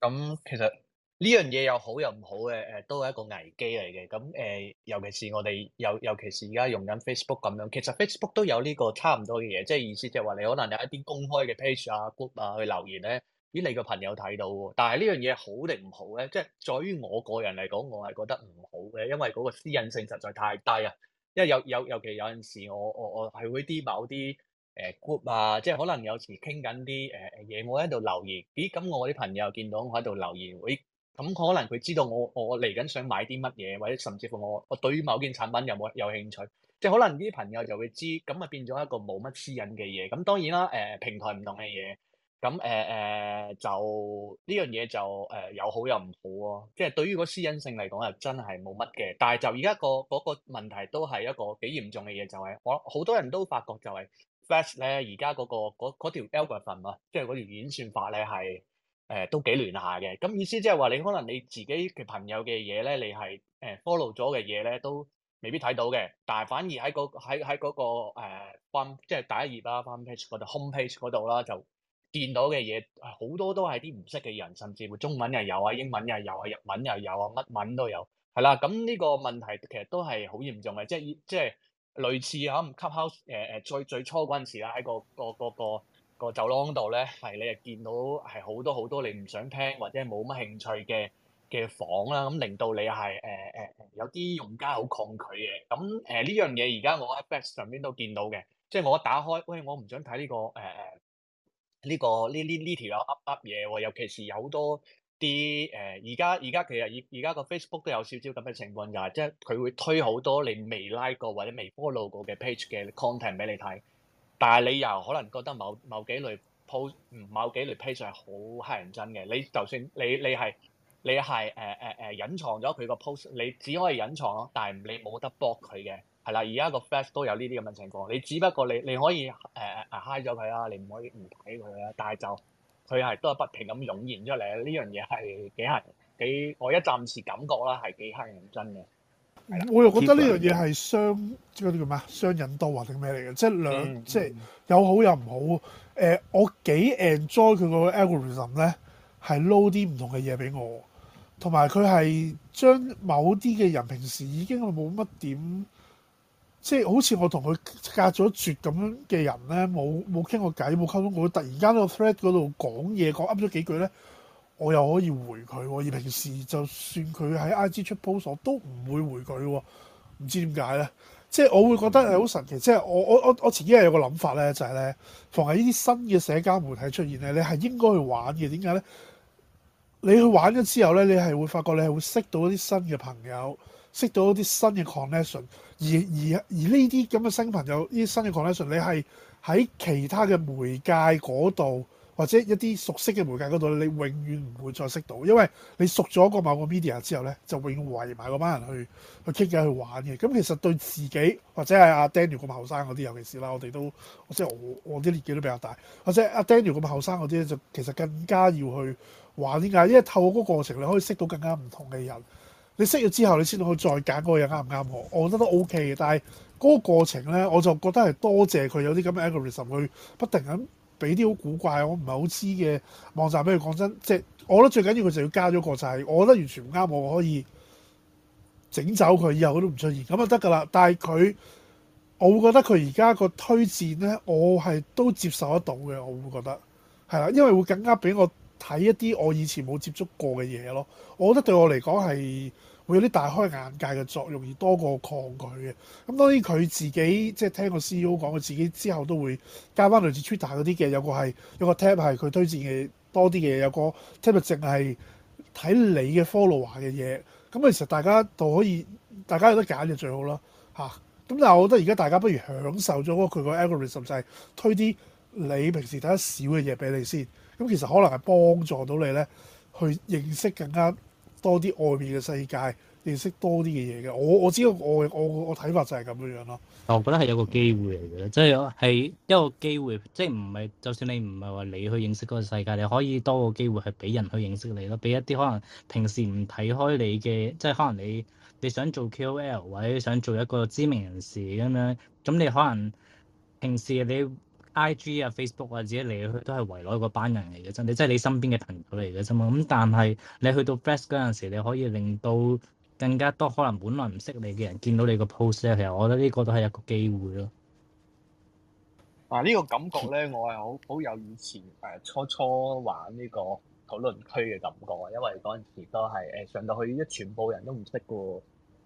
咁、嗯、其實。呢樣嘢又好又唔好嘅，誒、呃、都係一個危機嚟嘅。咁誒、呃，尤其是我哋有，尤其是而家用緊 Facebook 咁樣，其實 Facebook 都有呢個差唔多嘅嘢，即係意思就係話你可能有一啲公開嘅 page 啊、group 啊去留言咧，畀你個朋友睇到。但係呢樣嘢好定唔好咧？即係在於我個人嚟講，我係覺得唔好嘅，因為嗰個私隱性實在太低啊。因為有有，尤其有陣時我我我係會啲某啲誒、呃、group 啊，即係可能有時傾緊啲誒嘢，我喺度留言，咦咁我啲朋友見到我喺度留言會。咁、嗯、可能佢知道我我嚟緊想買啲乜嘢，或者甚至乎我我對於某件產品有冇有，有興趣，即係可能啲朋友就會知，咁咪變咗一個冇乜私隱嘅嘢。咁、嗯、當然啦，誒、呃、平台唔同嘅嘢，咁誒誒就呢樣嘢就誒有、呃、好有唔好咯、啊。即係對於個私隱性嚟講，係真係冇乜嘅。但係就而家、嗰個嗰、嗰個問題都係一個幾嚴重嘅嘢，就係、是、我好多人都發覺就係 f a s h 咧、 嗰個，而家嗰個嗰條 algorithm 啊，即係嗰條演算法咧係。誒，都幾亂下嘅，咁意思即係話你可能你自己嘅朋友嘅嘢咧，你係誒 follow 咗嘅嘢咧，都未必睇到嘅。但係反而喺嗰喺喺個誒翻，那個 uh, farm, 即係第一頁啦、啊，翻 page 嗰度 home page 嗰度啦，就見到嘅嘢好多都係啲唔識嘅人，甚至會中文又有啊，英文又有啊，日文又有啊，乜文都有。係啦，咁呢個問題其實都係好嚴重嘅，即係即係類似吓，Club、uh, house 誒、uh, 誒，最最初嗰陣時啦，喺個個個個。個個個個走廊度咧，係你係見到係好多好多你唔想聽或者冇乜興趣嘅嘅房啦，咁、嗯、令到你係誒誒有啲用家好抗拒嘅。咁誒呢樣嘢而家我喺 Best 上邊都見到嘅，即係我一打開，喂我唔想睇呢個誒誒呢個呢呢呢條 Ups Ups 嘢喎，尤其是有好多啲誒而家而家其實而而家個 Facebook 都有少少咁嘅情況，就係即係佢會推好多你未 like 過或者未 follow 過嘅 page 嘅 content 俾你睇。但係你又可能覺得某某幾類 post，某幾類 page 係好乞人憎嘅。你就算你你係你係誒誒誒隱藏咗佢個 post，你只可以隱藏咯，但係你冇得 block 佢嘅。係啦，而家個 face 都有呢啲咁嘅情況。你只不過你你可以誒誒誒 hide 咗佢啦，你唔可以唔睇佢啦。但係就佢係都係不停咁湧現出嚟，呢樣嘢係幾係幾我一暫時感覺啦，係幾乞人憎嘅。我又覺得呢樣嘢係雙嗰啲叫咩啊？雙刃刀或定咩嚟嘅？即係兩、嗯、即係有好有唔好。誒、呃，我幾 enjoy 佢個 algorithm 咧，係撈啲唔同嘅嘢俾我，同埋佢係將某啲嘅人平時已經冇乜點，即係好似我同佢隔咗絕咁樣嘅人咧，冇冇傾過偈，冇溝通，我突然間喺個 thread 嗰度講嘢，講噏咗幾句咧。我又可以回佢喎，而平時就算佢喺 IG 出 post 我都唔會回佢喎，唔知點解呢？即係我會覺得係好神奇。即係我我我我自己係有個諗法呢，就係呢：逢係呢啲新嘅社交媒體出現呢，你係應該去玩嘅。點解呢？你去玩咗之後呢，你係會發覺你係會識到一啲新嘅朋友，識到一啲新嘅 connection。而而而呢啲咁嘅新朋友，呢啲新嘅 connection，你係喺其他嘅媒介嗰度。或者一啲熟悉嘅媒介嗰度，你永遠唔會再識到，因為你熟咗個某個 media 之後咧，就永遠圍埋嗰班人去去傾偈去玩嘅。咁其實對自己或者係阿 Daniel 咁後生嗰啲，尤其是啦，我哋都即係我我啲年紀都比較大，或者阿 Daniel 咁後生嗰啲咧，就其實更加要去玩啲嘅，因為透過嗰個過程你可以識到更加唔同嘅人。你識咗之後，你先可以再揀嗰個人啱唔啱我。我覺得都 OK 嘅，但係嗰個過程咧，我就覺得係多謝佢有啲咁嘅 algorithm 去不停咁。俾啲好古怪我唔係好知嘅網站俾佢，講真，即係我覺得最緊要佢就要加咗個就係，我覺得完全唔啱，我可以整走佢，以後佢都唔出現咁就得噶啦！但係佢，我會覺得佢而家個推薦呢，我係都接受得到嘅，我會覺得係啦，因為會更加俾我睇一啲我以前冇接觸過嘅嘢咯，我覺得對我嚟講係。會有啲大開眼界嘅作用，而多過抗拒嘅。咁當然佢自己即係聽個 CEO 講，佢自己之後都會加翻類似 Twitter 嗰啲嘅，有個係有個 Tab 係佢推薦嘅多啲嘅嘢。有個 Tab 淨係睇你嘅 follower 嘅嘢。咁其實大家都可以，大家有得揀就最好咯嚇。咁、啊、但係我覺得而家大家不如享受咗佢個 algorithm 就係推啲你平時睇得少嘅嘢俾你先。咁其實可能係幫助到你咧去認識更加。多啲外面嘅世界，認識多啲嘅嘢嘅，我我知道我我我睇法就係咁樣樣咯。但我覺得係有個機會嚟嘅，即係係一個機會，即係唔係就算你唔係話你去認識嗰個世界，你可以多個機會係俾人去認識你咯，俾一啲可能平時唔睇開你嘅，即係可能你你想做 KOL，或者想做一個知名人士咁樣，咁你可能平時你。I G 啊 Facebook 啊，或者自己你去都係圍內嗰班人嚟嘅啫，即係你身邊嘅朋友嚟嘅啫嘛。咁但係你去到 b e s t o k 嗰陣時，你可以令到更加多可能本來唔識你嘅人見到你個 p o s e 咧。其實我覺得呢個都係一個機會咯。嗱呢、啊這個感覺咧，我係好好有以前誒、啊、初初玩呢個討論區嘅感覺，因為嗰陣時都係誒、呃、上到去一全部人都唔識嘅喎。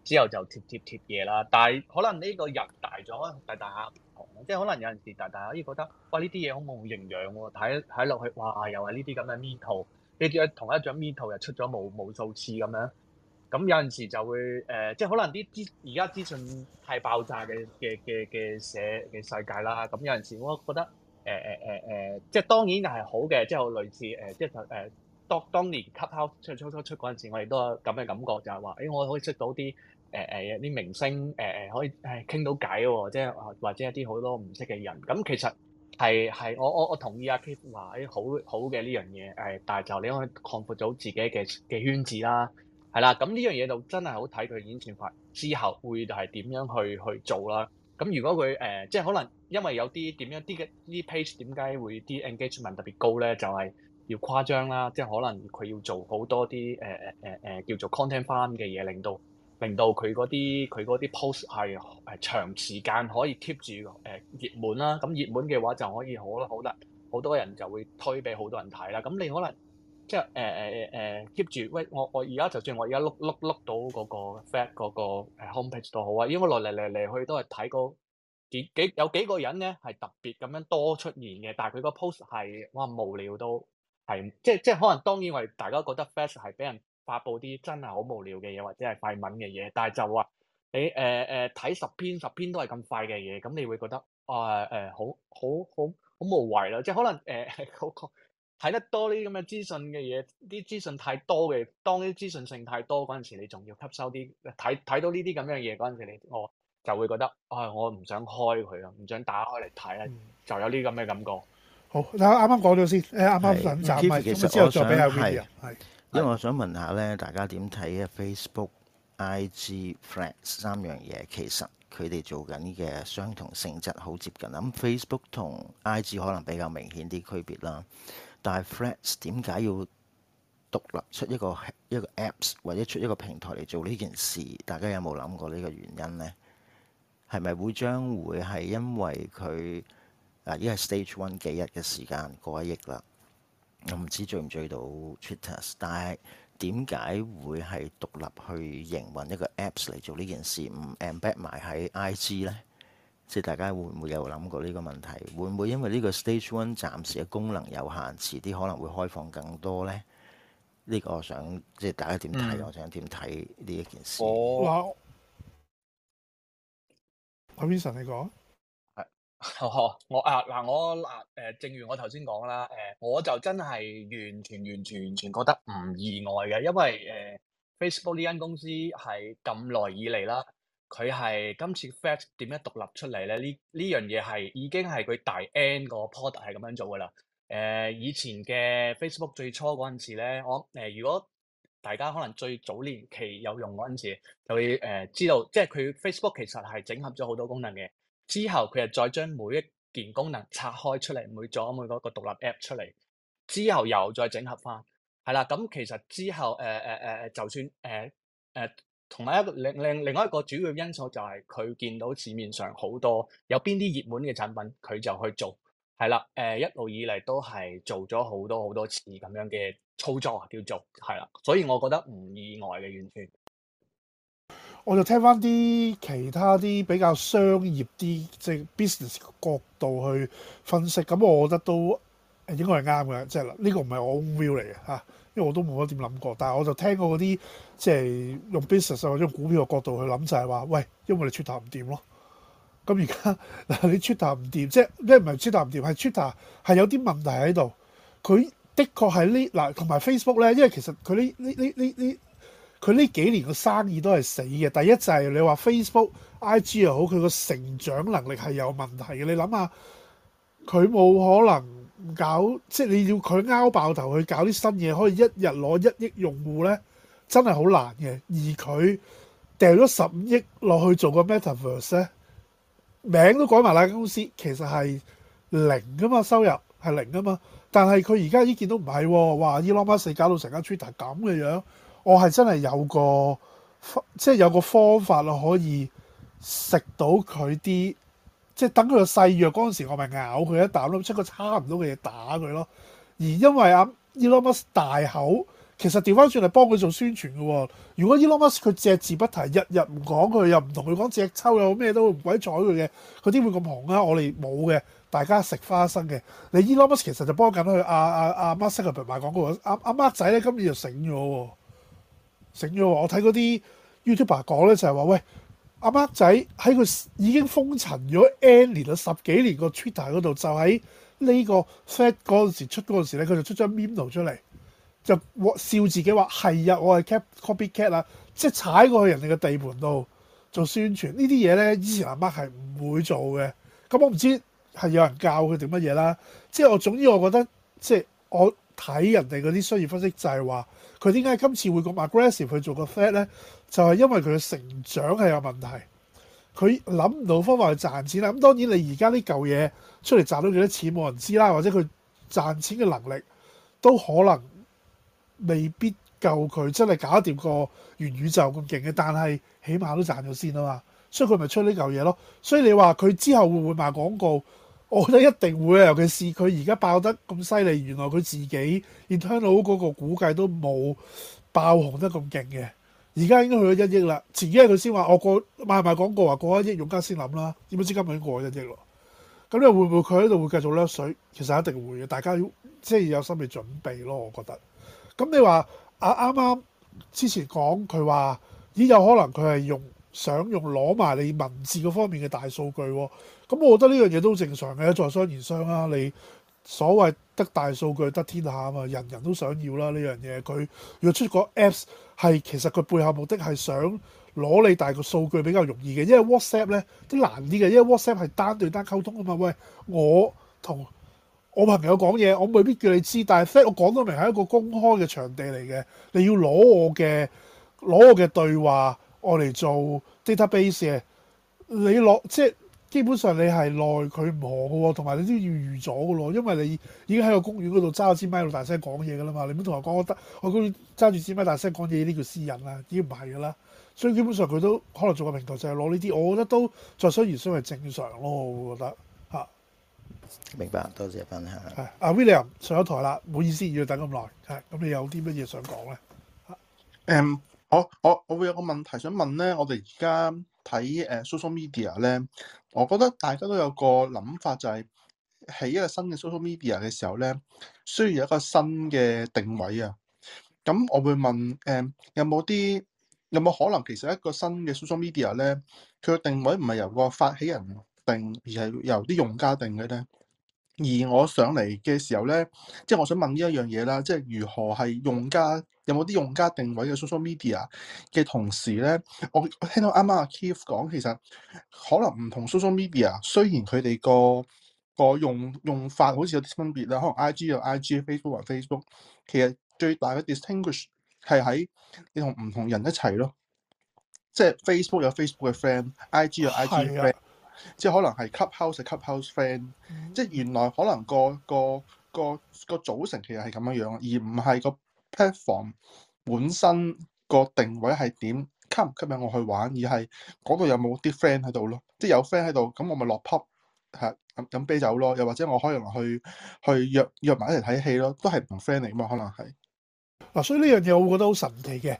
之後就貼貼貼嘢啦，但係可能呢個人大咗大大下唔同，即係可能有陣時大大下可以覺得哇呢啲嘢好冇營養喎，睇睇落去哇又係呢啲咁嘅 metal，呢啲同一張 metal 又出咗無無數次咁樣，咁有陣時就會誒、呃，即係可能啲資而家資訊太爆炸嘅嘅嘅嘅社嘅世界啦，咁有陣時我覺得誒誒誒誒，即係當然係好嘅，即係類似誒、呃、即係誒。呃當當年 Clubhouse 出初初出嗰陣時，我哋都有咁嘅感覺，就係、是、話，誒、欸，我可以識到啲誒誒有啲明星，誒、呃、誒可以誒傾到偈喎，即、哎、係、啊、或者一啲好多唔識嘅人。咁、嗯、其實係係我我我同意阿 Keep 話啲好好嘅呢樣嘢，誒、嗯，但係就你可以擴闊到自己嘅嘅圈子啦，係、嗯、啦。咁呢樣嘢就真係好睇佢演算法之後會係點樣去去做啦。咁、嗯、如果佢誒、呃，即係可能因為有啲點樣啲嘅啲 page 點解會啲 engagement 特別高咧？就係、是。要誇張啦，即係可能佢要做好多啲誒誒誒誒叫做 content farm 嘅嘢，令到令到佢嗰啲佢啲 post 係係長時間可以 keep 住誒、呃、熱門啦。咁、嗯、熱門嘅話就可以好啦，好得好多人就會推俾好多人睇啦。咁、嗯、你可能即係誒誒誒 keep 住，喂我我而家就算我而家碌碌碌到嗰個 fat 嗰個誒 homepage 都好啊，因為來嚟嚟嚟去都係睇個幾、幾有幾個人咧係特別咁樣多出現嘅，但係佢個 post 係哇無聊到～係，即係即係，可能當然，為大家覺得 Fast 係俾人發佈啲真係好無聊嘅嘢，或者係廢文嘅嘢。但係就話你誒誒睇十篇十篇都係咁快嘅嘢，咁你會覺得誒誒、呃呃、好好好好無謂咯。即係可能誒嗰個睇得多呢啲咁嘅資訊嘅嘢，啲資訊太多嘅，當啲資訊性太多嗰陣時，你仲要吸收啲睇睇到呢啲咁樣嘢嗰陣時，你我就會覺得啊、呃，我唔想開佢啊，唔想打開嚟睇啊，就有呢啲咁嘅感覺。嗯。好，嗱啱啱講咗先，誒啱啱想，集咪，咁之後再俾阿 V 啊，係是。是因為我想問下咧，大家點睇啊 Facebook、IG、Threads 三樣嘢？其實佢哋做緊嘅相同性質好接近咁、嗯、Facebook 同 IG 可能比較明顯啲區別啦，但係 Threads 點解要獨立出一個一個 Apps 或者出一個平台嚟做呢件事？大家有冇諗過呢個原因咧？係咪會將會係因為佢？嗱，依家係 stage one 幾日嘅時間過一億啦，我、嗯、唔知追唔追到 Twitter，但係點解會係獨立去營運一個 apps 嚟做呢件事，唔 embed 埋喺 IG 呢？即係大家會唔會有諗過呢個問題？會唔會因為呢個 stage one 暫時嘅功能有限，遲啲可能會開放更多呢？呢、呢個我想即係大家點睇？嗯、我想點睇呢一件事？哦，嗱，阿 Vincent 你講。哦，我啊嗱，我嗱，誒、呃，正如我頭先講啦，誒、呃，我就真係完全、完全、完全覺得唔意外嘅，因為誒、呃、，Facebook 呢間公司係咁耐以嚟啦，佢係今次 Face 點樣獨立出嚟咧？呢呢樣嘢係已經係佢大 N 個 product 係咁樣做噶啦。誒、呃，以前嘅 Facebook 最初嗰陣時咧，我誒、呃，如果大家可能最早年期有用嗰陣時，就會誒、呃、知道，即係佢 Facebook 其實係整合咗好多功能嘅。之後佢又再將每一件功能拆開出嚟，每組每個獨立 App 出嚟，之後又再整合翻，係啦。咁其實之後誒誒誒誒，就算誒誒，同、呃、埋、呃、一個另另另外一個主要因素就係佢見到市面上好多有邊啲熱門嘅產品，佢就去做，係啦。誒、呃、一路以嚟都係做咗好多好多次咁樣嘅操作，叫做係啦。所以我覺得唔意外嘅完全。我就聽翻啲其他啲比較商業啲，即係 business 角度去分析，咁我覺得都應該係啱嘅，即係呢個唔係我 own view 嚟嘅吓，因為我都冇乜點諗過。但係我就聽過嗰啲即係用 business 或者用股票嘅角度去諗，就係話喂，因為你 Twitter 唔掂咯。咁而家嗱， 你 Twitter 唔掂，即係你唔係 Twitter 唔掂，係 Twitter 係有啲問題喺度。佢的確係呢嗱，同埋 Facebook 呢，因為其實佢呢呢呢呢呢。佢呢幾年個生意都係死嘅。第一就係你話 Facebook、IG 又好，佢個成長能力係有問題嘅。你諗下，佢冇可能搞即係你要佢拗爆頭去搞啲新嘢，可以一日攞一億用戶咧，真係好難嘅。而佢掟咗十五億落去做個 Metaverse 咧，名都改埋啦間公司，其實係零㗎嘛，收入係零㗎嘛。但係佢而家依件都唔係喎，話 Elon Musk 搞到成間 Twitter 咁嘅樣,樣。我係真係有個即係有個方法咯，可以食到佢啲，即係等佢細弱嗰陣時，我咪咬佢一啖咯，出個差唔多嘅嘢打佢咯。而因為阿 Elon Musk 大口，其實調翻轉嚟幫佢做宣傳嘅。如果 Elon Musk 佢隻字不提，日日唔講佢，又唔同佢講隻抽又咩都唔鬼睬佢嘅，佢點會咁紅啊？我哋冇嘅，大家食花生嘅。你 Elon Musk 其實就幫緊佢阿阿阿 Mark 媽賣廣告。阿阿 Mark 仔咧，今日就醒咗喎。醒咗我睇嗰啲 YouTuber 講咧，就係、是、話喂，阿麥仔喺佢已經封塵咗 N 年啊，十幾年 Tw 個 Twitter 嗰度，就喺呢個 Threads 嗰陣時出嗰陣時咧，佢就出張 meme 出嚟，就笑自己話係啊，我係 cap copycat 啊，即係踩過去人哋嘅地盤度做宣傳呢啲嘢咧，以前阿麥係唔會做嘅。咁我唔知係有人教佢哋乜嘢啦，即係我總之我覺得即係我睇人哋嗰啲商業分析就係話。佢點解今次會咁 aggressive 去做個 fat 呢？就係因為佢嘅成長係有問題，佢諗唔到方法去賺錢啦。咁當然你而家啲舊嘢出嚟賺到幾多錢冇人知啦，或者佢賺錢嘅能力都可能未必夠佢真係搞掂個元宇宙咁勁嘅，但係起碼都賺咗先啊嘛。所以佢咪出呢嚿嘢咯。所以你話佢之後會唔會賣廣告？我覺得一定會啊，尤其是佢而家爆得咁犀利，原來佢自己 internal 嗰個估計都冇爆紅得咁勁嘅，而家應該去咗一億啦。前幾日佢先話我過賣賣廣告話過一億，億用家先諗啦。點知今日已經過咗一億咯。咁又會唔會佢喺度會繼續甩水？其實一定會嘅，大家要即係有心理準備咯。我覺得。咁你話啊啱啱之前講佢話，亦有可能佢係用想用攞埋你文字嗰方面嘅大數據。咁我覺得呢樣嘢都正常嘅，在商言商啊。你所謂得大數據得天下啊嘛，人人都想要啦。呢樣嘢佢若出個 Apps 係其實佢背後目的係想攞你大個數據比較容易嘅。因為 WhatsApp 咧都難啲嘅，因為 WhatsApp 係單對單溝通啊嘛。喂，我同我朋友講嘢，我未必叫你知，但係我講得明係一個公開嘅場地嚟嘅，你要攞我嘅攞我嘅對話我嚟做 database，你攞即係。基本上你係耐佢唔何嘅喎，同埋你都要預咗嘅咯，因為你已經喺個公園嗰度揸住支咪度大聲講嘢嘅啦嘛，你唔好同我講我，我覺得我公園揸住支咪大聲講嘢呢叫私隱啦，已經唔係嘅啦。所以基本上佢都可能做個平台就係攞呢啲，我覺得都在商言商，係正常咯，我覺得嚇。啊、明白，多謝，謝分享。阿、啊、William 上咗台啦，唔好意思要等咁耐。係、啊、咁，你有啲乜嘢想講咧？誒、嗯，我我我會有個問題想問咧，我哋而家睇誒 social media 咧。我覺得大家都有個諗法，就係起一個新嘅 social media 嘅時候咧，需要有一個新嘅定位啊。咁我會問，嗯，誒有冇啲有冇可能其實一個新嘅 social media 咧，佢嘅定位唔係由個發起人定，而係由啲用家定嘅咧？而我上嚟嘅時候咧，即係我想問呢一樣嘢啦，即係如何係用家有冇啲用家定位嘅 social media 嘅同時咧，我我聽到啱啱阿 Keith 講，其實可能唔同 social media，雖然佢哋個個用用法好似有啲分別啦，可能 I G 有 I G，Facebook 有 Facebook，其實最大嘅 distinguish 係喺你同唔同人一齊咯，即係 Facebook 有 Facebook 嘅 friend，I G 有 I G 嘅 friend。即係可能係 Clubhouse 係 Clubhouse friend。即係原來可能個個個個，個組成其實係咁樣樣，而唔係個 platform 本身個定位係點吸唔吸引我去玩，而係嗰度有冇啲 friend 喺度咯？即係有 friend 喺度，咁我咪落 pub 吓飲飲啤酒咯。又或者我可以去去約約埋一齊睇戲咯，都係唔 friend 嚟嘛？可能係嗱、啊，所以呢樣嘢我會覺得好神奇嘅。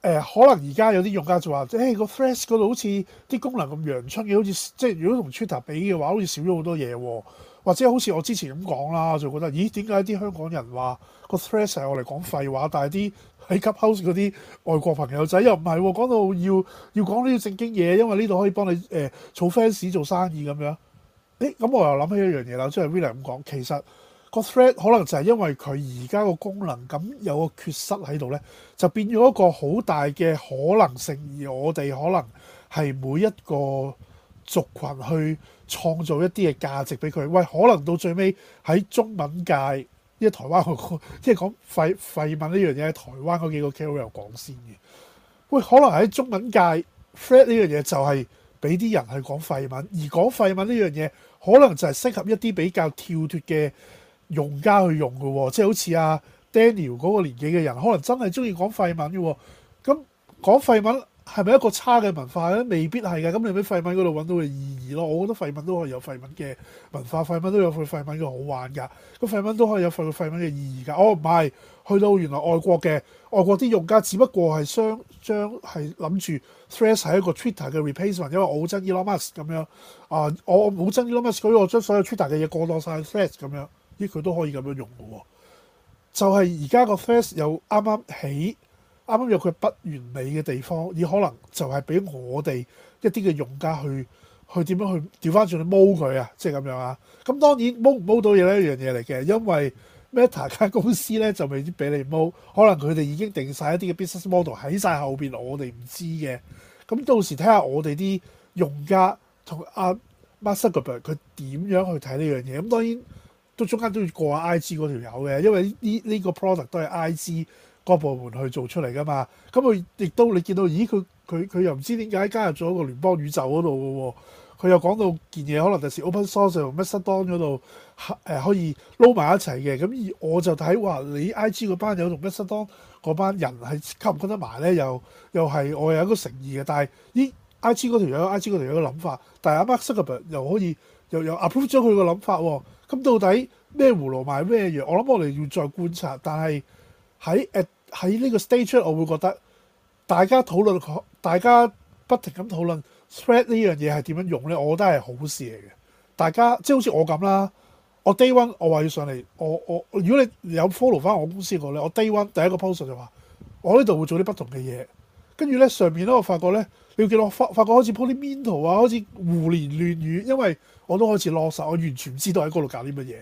誒、呃、可能而家有啲用家就話，誒、欸、個 Threads 嗰度好似啲功能咁陽春嘅，好似即係如果同 Twitter 比嘅話，好似少咗好多嘢，哦。或者好似我之前咁講啦，我就覺得，咦，點解啲香港人話個 Threads 係我嚟講廢話，但係啲喺 Clubhouse 嗰啲外國朋友仔又唔係喎，講到要要講呢啲正經嘢，因為呢度可以幫你誒做、呃、fans 做生意咁樣。誒、欸、咁我又諗起一、就是、樣嘢啦，即係 Vila 咁講，其實。個 thread 可能就係因為佢而家個功能咁有個缺失喺度，呢就變咗一個好大嘅可能性。而我哋可能係每一個族群去創造一啲嘅價值俾佢。喂，可能到最尾喺中文界，即係台灣，即係講廢廢文呢樣嘢，台灣嗰幾個 KOL 講先嘅。喂，可能喺中文界，thread 呢樣嘢就係俾啲人去講廢文，而講廢文呢樣嘢，可能就係適合一啲比較跳脫嘅。用家去用嘅喎、哦，即係好似阿、啊、Daniel 嗰個年紀嘅人，可能真係中意講廢文嘅喎、哦。咁、嗯、講廢文係咪一個差嘅文化咧？未必係嘅。咁、嗯、你喺廢文嗰度揾到嘅意義咯。我覺得廢文都可以有廢文嘅文化，廢文都有佢廢文嘅好玩㗎。個廢文都可以有廢廢文嘅意義㗎。我唔係去到原來外國嘅外國啲用家，只不過係相將係諗住 Threads 係一個 Twitter 嘅 replace 因為我好憎 Elon Musk 咁樣啊、呃，我好憎 Elon Musk，所以我將所有 Twitter 嘅嘢過到晒 Threads 咁樣。啲佢都可以咁樣用嘅喎、哦，就係而家個 Face 又啱啱起，啱啱有佢不完美嘅地方，而可能就係俾我哋一啲嘅用家去去點樣去調翻轉去踎佢啊，即係咁樣啊。咁、嗯、當然踎唔踎到嘢呢一樣嘢嚟嘅，因為 Meta 間公司咧就未必俾你踎，可能佢哋已經定晒一啲嘅 business model 喺晒後邊，我哋唔知嘅。咁、嗯、到時睇下我哋啲用家同阿、啊、Mark Zuckerberg 佢點樣去睇呢樣嘢。咁、嗯、當然。都中間都要過下 I.G 嗰條友嘅，因為呢呢呢個 product 都係 I.G 個部門去做出嚟噶嘛。咁佢亦都你見到，咦佢佢佢又唔知點解加入咗個聯邦宇宙嗰度嘅喎？佢又講到件嘢，可能第時 Open Source 同 Mastodon 嗰度，誒、啊呃、可以撈埋一齊嘅。咁我我就睇話，你 I.G 嗰班友同 Mastodon 嗰班人係溝唔溝得埋咧？又又係我又有一個誠意嘅，但係依 I.G 嗰條友 I.G 嗰條友嘅諗法，但係 Mark 又可以又又 approve 咗佢個諗法喎、哦。咁到底咩葫蘆賣咩嘢？我諗我哋要再觀察，但係喺誒喺呢個 stage，我會覺得大家討論，大家不停咁討論 thread 呢樣嘢係點樣用呢？我覺得係好事嚟嘅。大家即係好似我咁啦，我 day one 我話要上嚟，我我如果你有 follow 翻我公司我咧，我 day one 第一個 post 就話我呢度會做啲不同嘅嘢，跟住呢，上面咧我發覺呢，你會見到我發發覺好似 po 啲 mean 圖啊，o, 好似胡言亂語，因為。我都開始 loss，我完全唔知道喺嗰度搞啲乜嘢。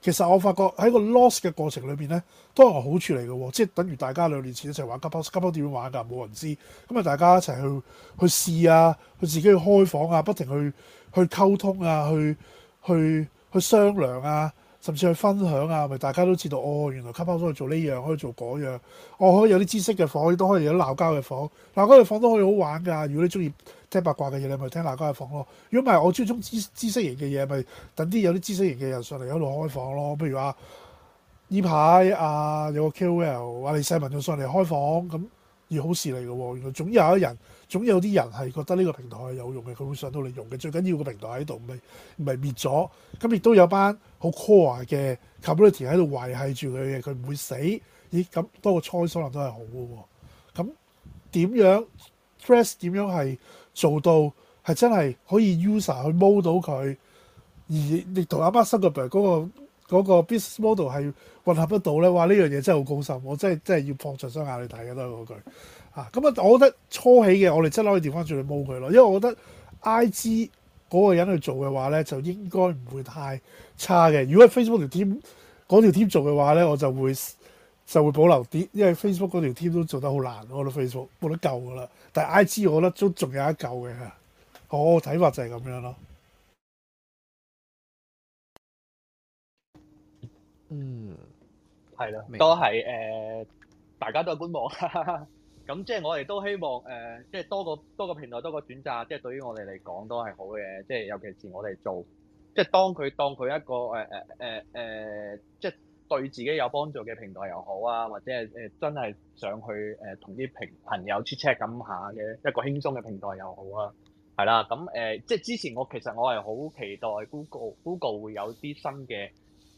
其實我發覺喺個 loss 嘅過程裏邊呢，都係個好處嚟嘅，即係等於大家兩年前一齊玩 Clubhouse，Clubhouse 點玩㗎？冇人知。咁啊，大家一齊去去試啊，去自己去開房啊，不停去去溝通啊，去去去商量啊。甚至去分享啊，咪大家都知道哦，原來卡包可以做呢樣，可以做嗰樣。哦，可以有啲知識嘅房，亦都可以有啲鬧交嘅房。嗱，鬧交嘅房都可以好玩噶。如果你中意聽八卦嘅嘢，你咪聽鬧交嘅房咯。如果唔係，我中意知知識型嘅嘢，咪等啲有啲知識型嘅人上嚟喺度開房咯。譬如話，呢排啊有個 KOL 話、啊、李世民要上嚟開房，咁要好事嚟嘅喎，原來總有一人，總有啲人係覺得呢個平台係有用嘅，佢會上到嚟用嘅。最緊要個平台喺度，唔係唔係滅咗，咁亦都有班好 core 嘅 community 喺度維係住佢嘅，佢唔會死。咦，咁多個 choice 都係好嘅喎。咁、嗯、點樣 dress？點 樣係做到係真係可以 user 去 model 到佢？而你同阿馬生嘅嗰嗰個、那個、business model 係混合得到咧？哇！呢樣嘢真係好高深，我真係真係要放長雙眼你睇嘅都係句。嚇，咁啊！我覺得初起嘅我哋真攞佢調翻轉嚟踎佢咯，因為我覺得 IG 嗰個人去做嘅話咧，就應該唔會太差嘅。如果係 Facebook 條 team 嗰條 team、那個、做嘅話咧，我就會就會保留啲，因為 Facebook 嗰條 team 都做得好難，我覺得 Facebook 冇得救噶啦。但係 IG 我覺得都仲有一救嘅，我睇法就係咁樣咯。嗯，係咯，白都係誒，uh, 大家都觀望。哈哈咁、嗯、即係我哋都希望誒、呃，即係多個多個平台多個選擇，即係對於我哋嚟講都係好嘅。即係尤其是我哋做，即係當佢當佢一個誒誒誒誒，即係對自己有幫助嘅平台又好啊，或者係誒真係想去誒同啲平朋友 chat chat 咁下嘅一個輕鬆嘅平台又好啊，係啦。咁、嗯、誒、呃，即係之前我其實我係好期待 Google Google 會有啲新嘅。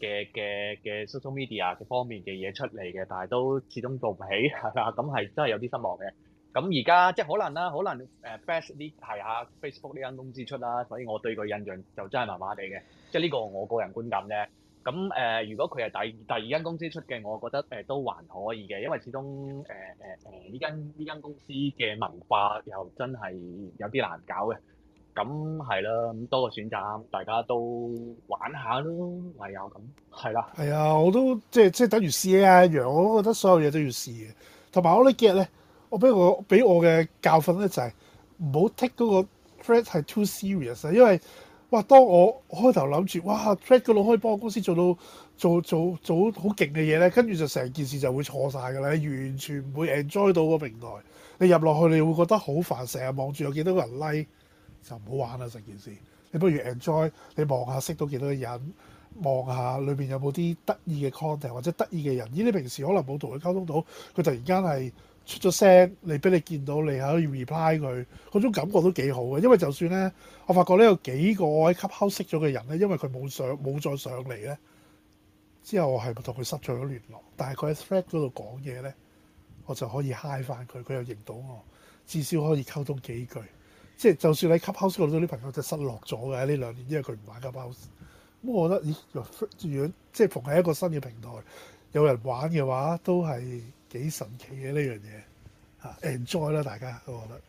嘅嘅嘅 social media 嘅方面嘅嘢出嚟嘅，但係都始終做唔起，係咪啊？咁係真係有啲失望嘅。咁而家即係可能啦，可能誒、呃、best 呢係啊 Facebook 呢間公司出啦，所以我對佢印象就真係麻麻哋嘅。即係呢個我個人觀感啫。咁、嗯、誒、呃、如果佢係第第二間公司出嘅，我覺得誒都還可以嘅，因為始終誒誒誒呢間呢間公司嘅文化又真係有啲難搞嘅。咁係啦，咁、嗯、多個選擇，大家都玩下都唯有咁係啦，係啊，我都即係即係等於試啊一,一樣。我都覺得所有嘢都要試嘅。同埋我呢幾日咧，我俾我俾我嘅教訓咧，就係唔好 take 嗰個 thread 係 too serious 啊。因為哇，當我開頭諗住哇，thread 嗰度可以幫我公司做到做做做好好勁嘅嘢咧，跟住就成件事就會錯晒㗎啦。你完全唔會 enjoy 到個平台。你入落去，你會覺得好煩，成日望住有幾多個人 like。就唔好玩啦！成件事，你不如 enjoy，你望下識到幾多人，望下裏面有冇啲得意嘅 content 或者得意嘅人。咦？你平時可能冇同佢溝通到，佢突然間係出咗聲，你俾你見到，你可以 reply 佢，嗰種感覺都幾好嘅。因為就算呢，我發覺呢有幾個我喺 Clubhouse 識咗嘅人呢，因為佢冇上冇再上嚟呢。之後係咪同佢失咗聯絡，但係佢喺 thread 嗰度講嘢呢，我就可以 hi 翻佢，佢又認到我，至少可以溝通幾句。即係就,就算你 Clubhouse 識到啲朋友就失落咗嘅呢兩年，因為佢唔玩 Clubhouse。咁我覺得，咦？如果即係逢喺一個新嘅平台有人玩嘅話，都係幾神奇嘅呢樣嘢。嚇，enjoy 啦，大家，我覺得。